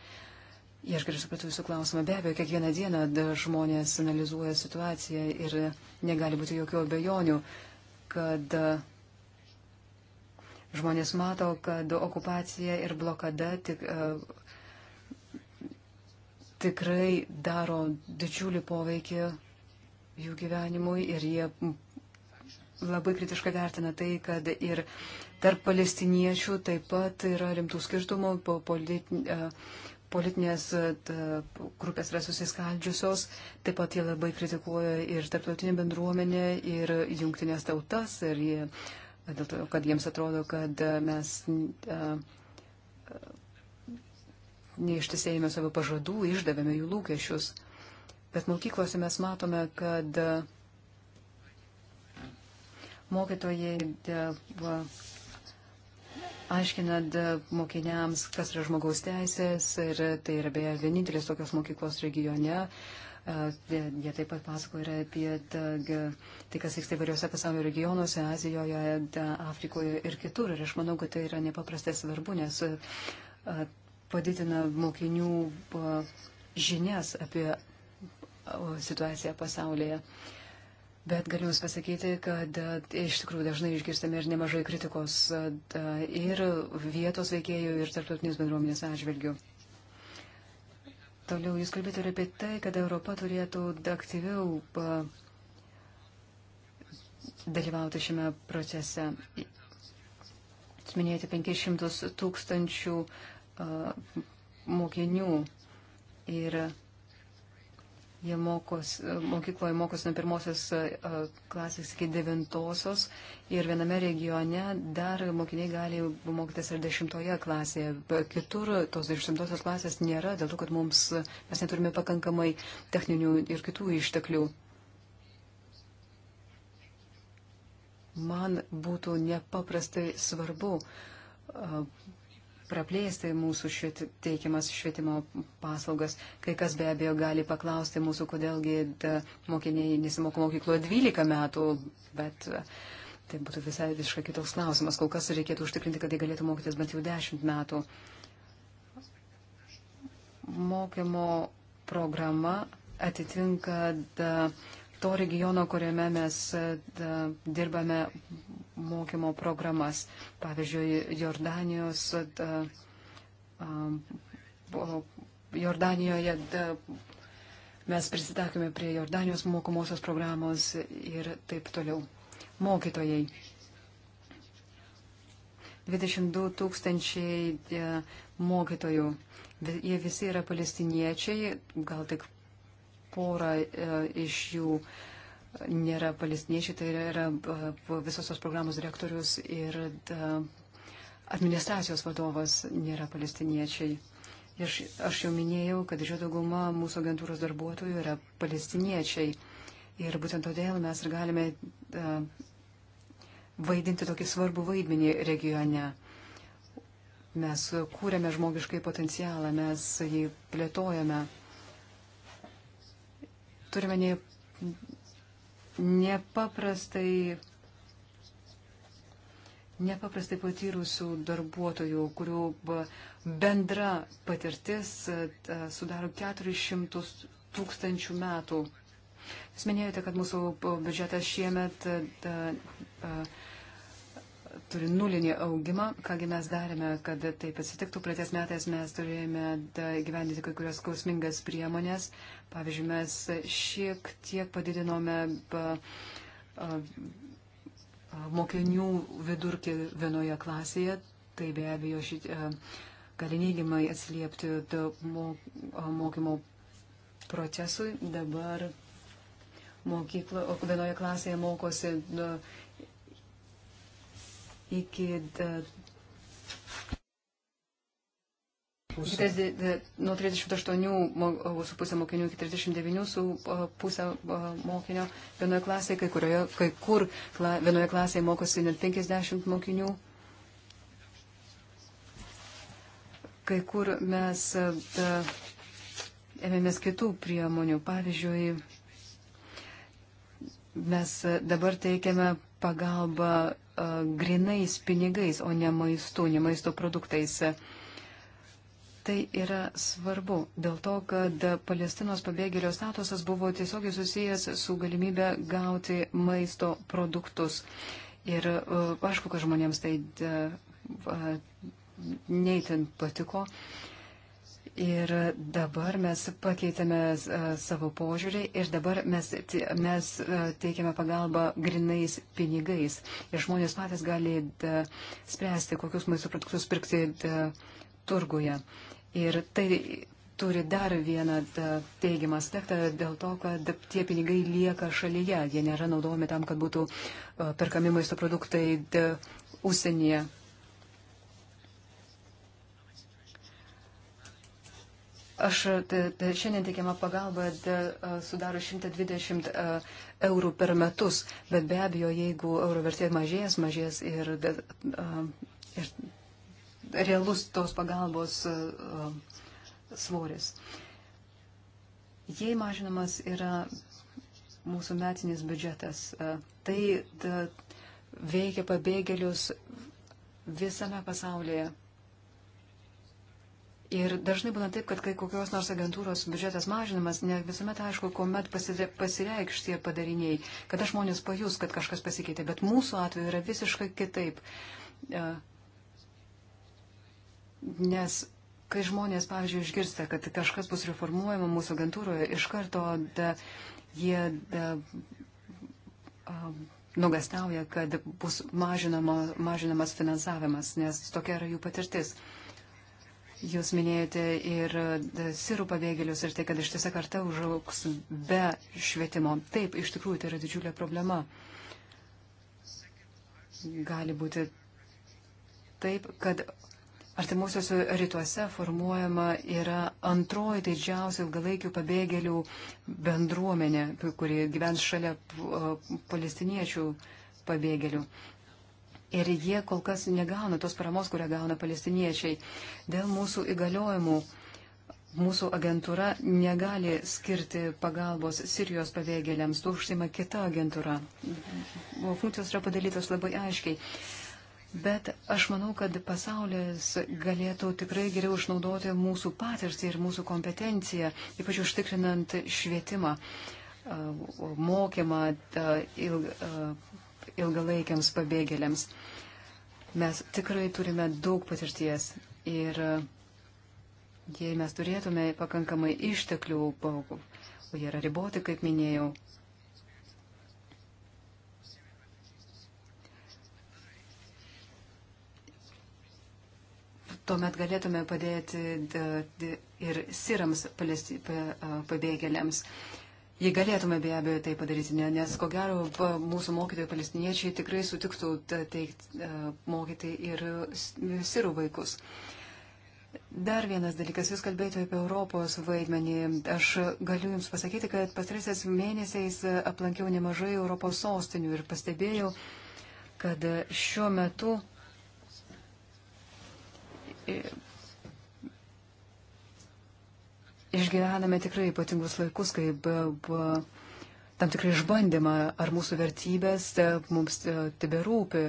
Aš gerai supratau jūsų klausimą. Be abejo, kiekvieną dieną žmonės analizuoja situaciją ir negali būti jokių abejonių, kad e, žmonės mato, kad okupacija ir blokada tik, e, tikrai daro didžiulį poveikį jų gyvenimui ir jie labai kritiškai vertina tai, kad ir tarp palestiniečių taip pat yra rimtų skirtumų po politi, e, politinės e, grupės yra susiskaldžiusios, taip pat jie labai kritikuoja ir tarptautinę bendruomenę, ir jungtinės tautas, ir jie, dėl to, kad jiems atrodo, kad e, mes e, neištisėjame savo pažadų, išdavėme jų lūkesčius. Bet mokyklose mes matome, kad mokytojai aiškina e, mokiniams, kas yra žmogaus teisės ir tai yra beje vienintelis tokios mokyklos regione. E, jie taip pat pasako ir apie tai, kas vyksta įvairiuose pasaulio regionuose, Azijoje, Afrikoje ir kitur. Ir aš manau, kad tai yra nepaprastai svarbu, nes e, padidina mokinių žinias apie situaciją pasaulyje. Uh, Bet galiu Jums pasakyti, kad e, iš tikrųjų dažnai išgirstame ir nemažai kritikos e, ir vietos veikėjų, ir tarptautinės bendruomenės atžvilgių. Toliau Jūs kalbėjote ir apie tai, kad Europa turėtų aktyviau e, dalyvauti šiame procese. Minėjote 500 tūkstančių mokinių ir Jie mokos, e, mokykloje mokos nuo pirmosios e, e, klasės iki devintosios ir viename regione dar mokiniai gali mokytis ir dešimtoje klasėje. Kitur tos dešimtosios klasės nėra, dėl to, kad mums, mes neturime pakankamai techninių ir kitų išteklių. Man būtų nepaprastai svarbu praplėsti mūsų šviet, teikiamas švietimo paslaugas. Kai kas be abejo gali paklausti mūsų, kodėlgi da, mokiniai nesimoko mokykloje 12 metų, bet e, tai būtų visai visiškai kitoks klausimas. Kol kas reikėtų užtikrinti, kad jie galėtų mokytis bent jau 10 metų. Mokymo programa atitinka da, to regiono, kuriame mes da, dirbame mokymo programas. Pavyzdžiui, Jordanijos, da, a, Jordanijoje da, mes prisitakėme prie Jordanijos mokomosios programos ir taip toliau. Mokytojai. 22 tūkstančiai mokytojų. Jie visi yra palestiniečiai, gal tik pora e, iš jų e, nėra palestiniečiai, tai yra e, visos tos programos direktorius ir e, administracijos vadovas nėra palestiniečiai. Ir aš jau minėjau, kad didžioji dauguma mūsų agentūros darbuotojų yra palestiniečiai. Ir būtent todėl mes ir galime e, vaidinti tokį svarbų vaidmenį regione. Mes kūrėme žmogiškai potencialą, mes jį plėtojame. Turime ne, nepaprastai, nepaprastai patyrusių darbuotojų, kurių bendra patirtis sudaro 400 tūkstančių metų. Jūs minėjote, kad mūsų biudžetas šiemet. Da, da, turi nulinį augimą. Kągi mes darėme, kad taip atsitiktų. Praeitais metais mes turėjome gyvendyti kai kurios skausmingas priemonės. Pavyzdžiui, mes šiek tiek padidinome mokinių vidurkį vienoje klasėje. Tai be abejo šit, gali neigiamai atsiliepti mokymo procesui. Dabar mokyklo, vienoje klasėje mokosi iki Kitas, nuo 38,5 mokinių iki 39 su pusę mokinio vienoje klasėje, kai, kurioje, kai kur kla, vienoje klasėje mokosi net 50 mokinių. Kai kur mes e, da, ėmėmės kitų priemonių. Pavyzdžiui, mes e, dabar teikiame pagalbą E, grinais pinigais, o ne maistu, ne maisto produktais. Tai yra svarbu dėl to, kad Palestinos pabėgėlio statusas buvo tiesiogiai susijęs su galimybė gauti maisto produktus. Ir e, aišku, kad žmonėms tai e, neįtin patiko. Uh, Ir dabar mes pakeitėme e, savo požiūrį ir dabar mes, mes e, teikiame pagalbą grinais pinigais. Ir žmonės patys gali da, e, spręsti, kokius maisto produktus pirkti da, turguje. Ir tai turi dar vieną da, teigiamą aspektą dėl to, kad tie pinigai lieka šalyje. Jie nėra naudojami tam, kad būtų perkami maisto produktai da, užsienyje. Aš tai, tai šiandien teikiama pagalba sudaro 120 eurų per metus, bet be abejo, jeigu euro vertė mažės, mažės ir, ir realus tos pagalbos svoris. Jei mažinamas yra mūsų metinis biudžetas, tai da, veikia pabėgėlius visame pasaulyje. Ir dažnai būna taip, kad kai kokios nors agentūros biudžetas mažinamas, ne visuomet aišku, kuomet pasireikš tie padariniai, kada žmonės pajus, kad kažkas pasikeitė, bet mūsų atveju yra visiškai kitaip. E, nes kai žmonės, pavyzdžiui, išgirsta, kad kažkas bus reformuojama mūsų agentūroje, iš karto da, jie da, um, nugastauja, kad bus mažinama, mažinamas finansavimas, nes tokia yra jų patirtis. Uh, Jūs minėjote ir e, sirų pabėgėlius ir tai, kad ištisa karta užauks be švietimo. Taip, iš tikrųjų, tai yra didžiulė problema. Gali būti taip, kad artimuosiuose rytuose formuojama yra antroji didžiausia ilgalaikių pabėgėlių bendruomenė, kuri gyvens šalia e, palestiniečių pabėgėlių ir jie kol kas negauna tos paramos, kurią gauna palestiniečiai. Dėl mūsų įgaliojimų mūsų agentūra negali skirti pagalbos Sirijos pabėgėliams, tuo užsima kita agentūra. O funkcijos yra padalytos labai aiškiai. Bet aš manau, kad pasaulis galėtų tikrai geriau išnaudoti mūsų patirtį ir mūsų kompetenciją, ypač užtikrinant švietimą, mokymą, ilg, ilgalaikiams pabėgėliams. Mes tikrai turime daug patirties ir e, jei mes turėtume pakankamai išteklių, o jie yra riboti, kaip minėjau, tuomet galėtume padėti ir sirams pabėgėliams. Pa, Jei galėtume be abejo tai padaryti, ne, nes ko gero mūsų mokytojai palestiniečiai tikrai sutiktų teikti, e, mokyti ir sirų vaikus. Dar vienas dalykas, jūs kalbėjote apie Europos vaidmenį. Aš galiu Jums pasakyti, kad pastrasiais mėnesiais aplankiau nemažai Europos sostinių ir pastebėjau, kad šiuo metu e, Išgyvename tikrai ypatingus laikus, kai tam tikrai išbandymą, ar mūsų vertybės e, mums e, tebe rūpi.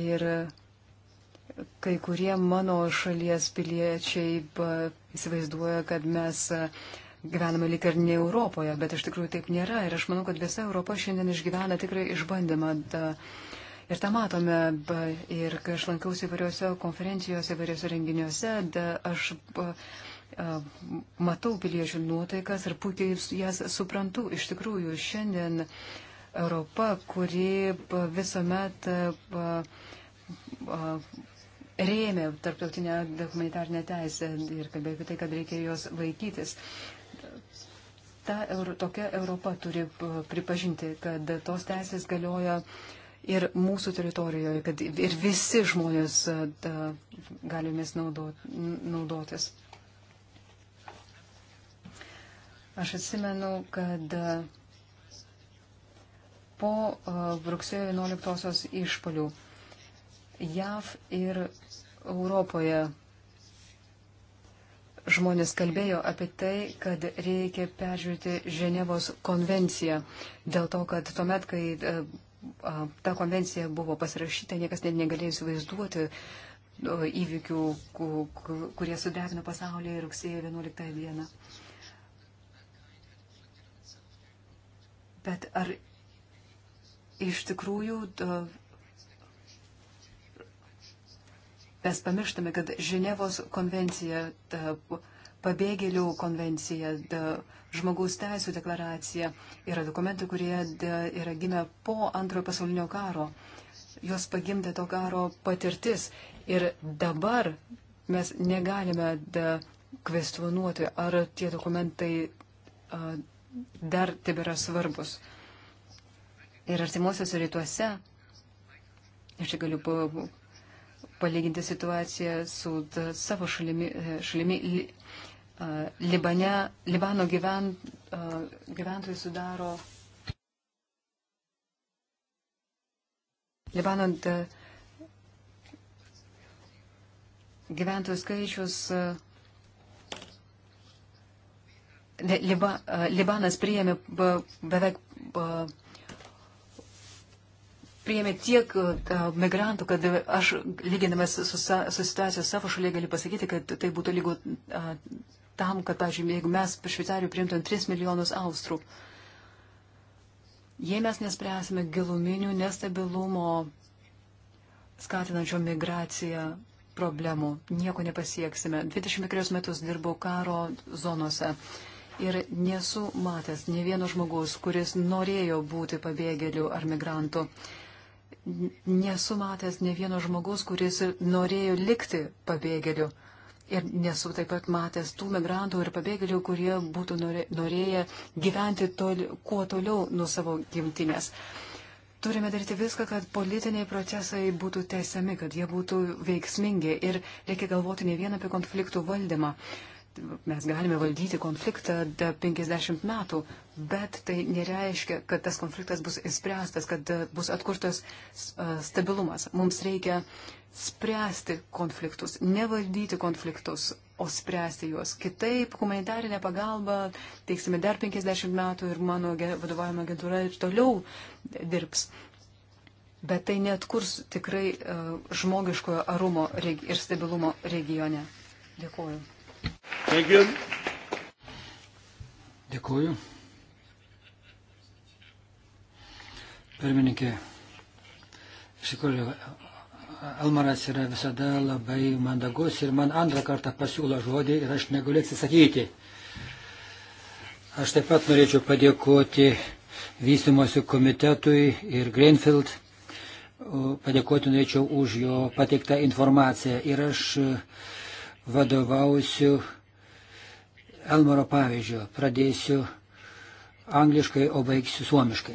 Ir kai kurie mano šalies piliečiai įsivaizduoja, kad mes e, gyvename lyg ir ne Europoje, bet iš tikrųjų taip nėra. Ir aš manau, kad visa Europa šiandien išgyvena tikrai išbandymą. Ir tą matome. Ir kai aš lankiausi įvairiose konferencijose, įvairiose renginiuose, aš matau piliečių nuotaikas ir puikiai jas suprantu. Iš tikrųjų, šiandien Europa, kuri visuomet rėmė tarptautinę humanitarnę teisę ir kalbėjo apie tai, kad reikia jos laikytis. Ta, tokia Europa turi pripažinti, kad tos teisės galioja ir mūsų teritorijoje, kad ir visi žmonės da, galime naudot, naudotis. Aš atsimenu, kad e, po e, rugsėjo 11 išpolių JAV ir Europoje žmonės kalbėjo apie tai, kad reikia peržiūrėti Ženevos konvenciją. Dėl to, kad tuomet, kai e, ta konvencija buvo pasirašyta, niekas net negalėjo įsivaizduoti įvykių, kurie sudegino pasaulį rugsėjo 11 dieną. Bet ar iš tikrųjų da, mes pamirštame, kad Ženevos konvencija, da, pabėgėlių konvencija, da, žmogaus teisų deklaracija yra dokumentai, kurie da, yra gimę po antrojo pasaulinio karo. Jos pagimdė to karo patirtis. Ir dabar mes negalime da, kvestionuoti, ar tie dokumentai. A, dar tebėra svarbus. Ir artimuosiuose rytuose, aš čia galiu palyginti situaciją su savo šalimi, e, šalimi Libane, Libano gyvent, gyventojai sudaro. Libano gyventojų skaičius Liba, Libanas priėmė beveik priėmė tiek migrantų, kad aš, lyginamas su, su situacija savo šalyje, galiu pasakyti, kad tai būtų lygu tam, kad, pažiūrėjau, jeigu mes Šveicarių priimtumėm 3 milijonus austrų. Jei mes nespręsime giluminių nestabilumo skatinančio migraciją problemų, nieko nepasieksime. 23 metus dirbau karo zonose. Uh, ir nesu matęs ne vieno žmogaus, kuris norėjo būti pabėgėliu ar migrantu. Nesu matęs ne vieno žmogaus, kuris norėjo likti pabėgėliu. Ir nesu taip pat matęs tų migrantų ir pabėgėlių, kurie būtų norėję gyventi toli, kuo toliau nuo savo gimtinės. Turime daryti viską, kad politiniai procesai būtų tęsiami, kad jie būtų veiksmingi ir reikia galvoti ne vien apie konfliktų valdymą mes galime valdyti konfliktą 50 metų, bet tai nereiškia, kad tas konfliktas bus įspręstas, kad e, bus atkurtas e, stabilumas. Mums reikia spręsti konfliktus, nevaldyti konfliktus, o spręsti juos. Kitaip humanitarinę pagalbą teiksime dar 50 metų ir mano vadovavimo agentūra ir toliau dirbs. Bet tai net kurs tikrai uh, žmogiškojo arumo ir stabilumo regione. Dėkuoju. Dėkuoju. Pirmininkė, iš tikrųjų, Almaras yra visada labai mandagus ir man antrą kartą pasiūlo žodį ir aš negaliu atsisakyti. Aš taip pat norėčiau padėkoti vystimosi komitetui ir Greenfield. Padėkoti norėčiau už jo pateiktą informaciją. Ir aš uh, vadovausiu Elmaro pavyzdžio. Pradėsiu angliškai, o baigsiu suomiškai.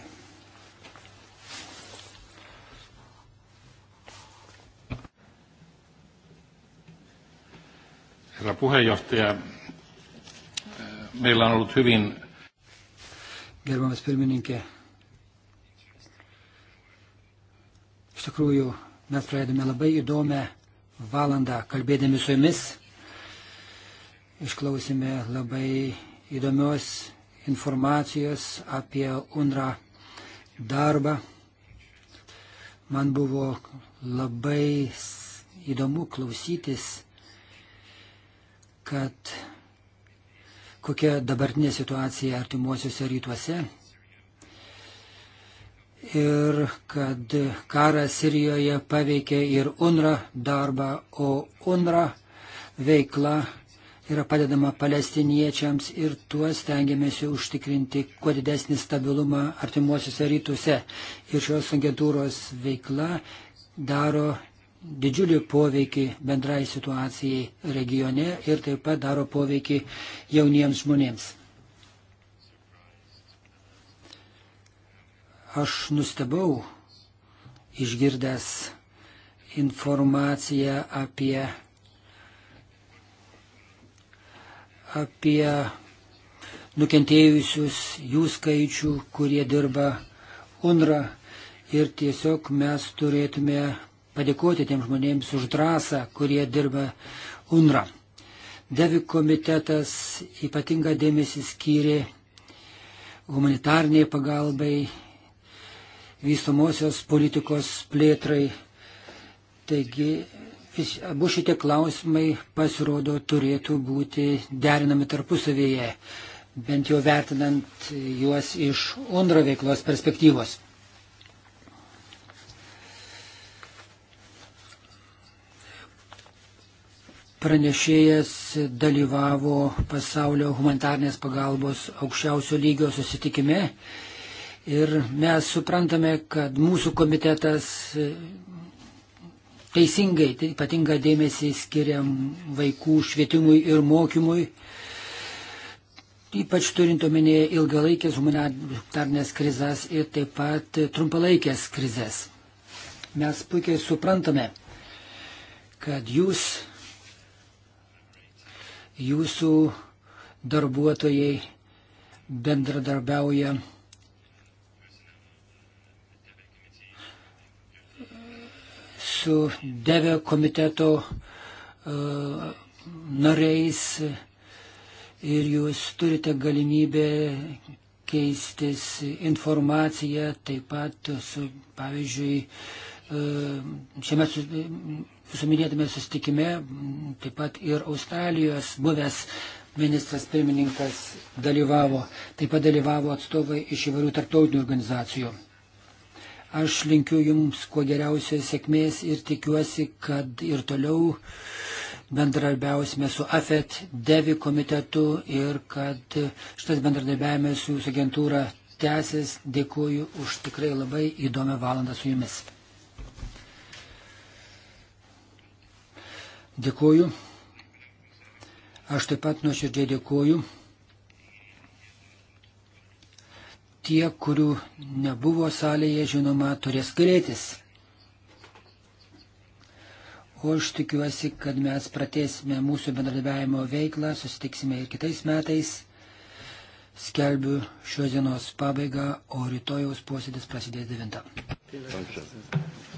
Herra puheenjohtaja, meillä on ollut hyvin... Gerbamas pirmininkė, iš tikrųjų mes praėdome labai įdomią valandą kalbėdami su jumis. Išklausime labai įdomios informacijos apie UNRA darbą. Man buvo labai įdomu klausytis, kad kokia dabartinė situacija artimuosiuose rytuose ir kad karas Sirijoje paveikė ir UNRA darbą, o UNRA veikla yra padedama palestiniečiams ir tuo stengiamėsi užtikrinti kuo didesnį stabilumą artimuosiuose rytuose. Ir šios agentūros veikla daro didžiulį poveikį bendrai situacijai regione ir taip pat daro poveikį jauniems žmonėms. Aš nustebau išgirdęs informaciją apie apie nukentėjusius jų skaičių, kurie dirba UNRA. Ir tiesiog mes turėtume padėkoti tiem žmonėms už drąsą, kurie dirba UNRA. Devi komitetas ypatingą dėmesį skyrė humanitarniai pagalbai, vystomosios politikos plėtrai. Taigi abu šitie klausimai pasirodo turėtų būti derinami tarpusavėje, bent jau vertinant juos iš UNRO veiklos perspektyvos. Pranešėjas dalyvavo pasaulio humanitarnės pagalbos aukščiausio lygio susitikime ir mes suprantame, kad mūsų komitetas teisingai, tai ypatinga dėmesį skiriam vaikų švietimui ir mokymui, ypač turint omenyje ilgalaikės humanitarnės krizas ir taip pat trumpalaikės krizas. Mes puikiai suprantame, kad jūs, jūsų darbuotojai bendradarbiauja su Deve komiteto uh, nariais ir jūs turite galimybę keistis informaciją, taip pat su, pavyzdžiui, e, šiame jūsų minėtame sustikime, taip pat ir Australijos buvęs ministras pirmininkas dalyvavo, taip pat dalyvavo atstovai iš įvairių tarptautinių organizacijų. Aš linkiu Jums kuo geriausios sėkmės ir tikiuosi, kad ir toliau bendradarbiausime su AFET, DEVI komitetu ir kad šitas bendradarbiavimas su Jūsų agentūra tęsis. Dėkuoju už tikrai labai įdomią valandą su Jumis. Dėkuoju. Aš taip pat nuoširdžiai dėkuoju. tie, kurių nebuvo salėje, žinoma, turės galėtis. O aš tikiuosi, kad mes pratėsime mūsų bendradarbiavimo veiklą, susitiksime ir kitais metais. Skelbiu šios dienos pabaigą, o rytojaus posėdis prasidės 9. Ačiū.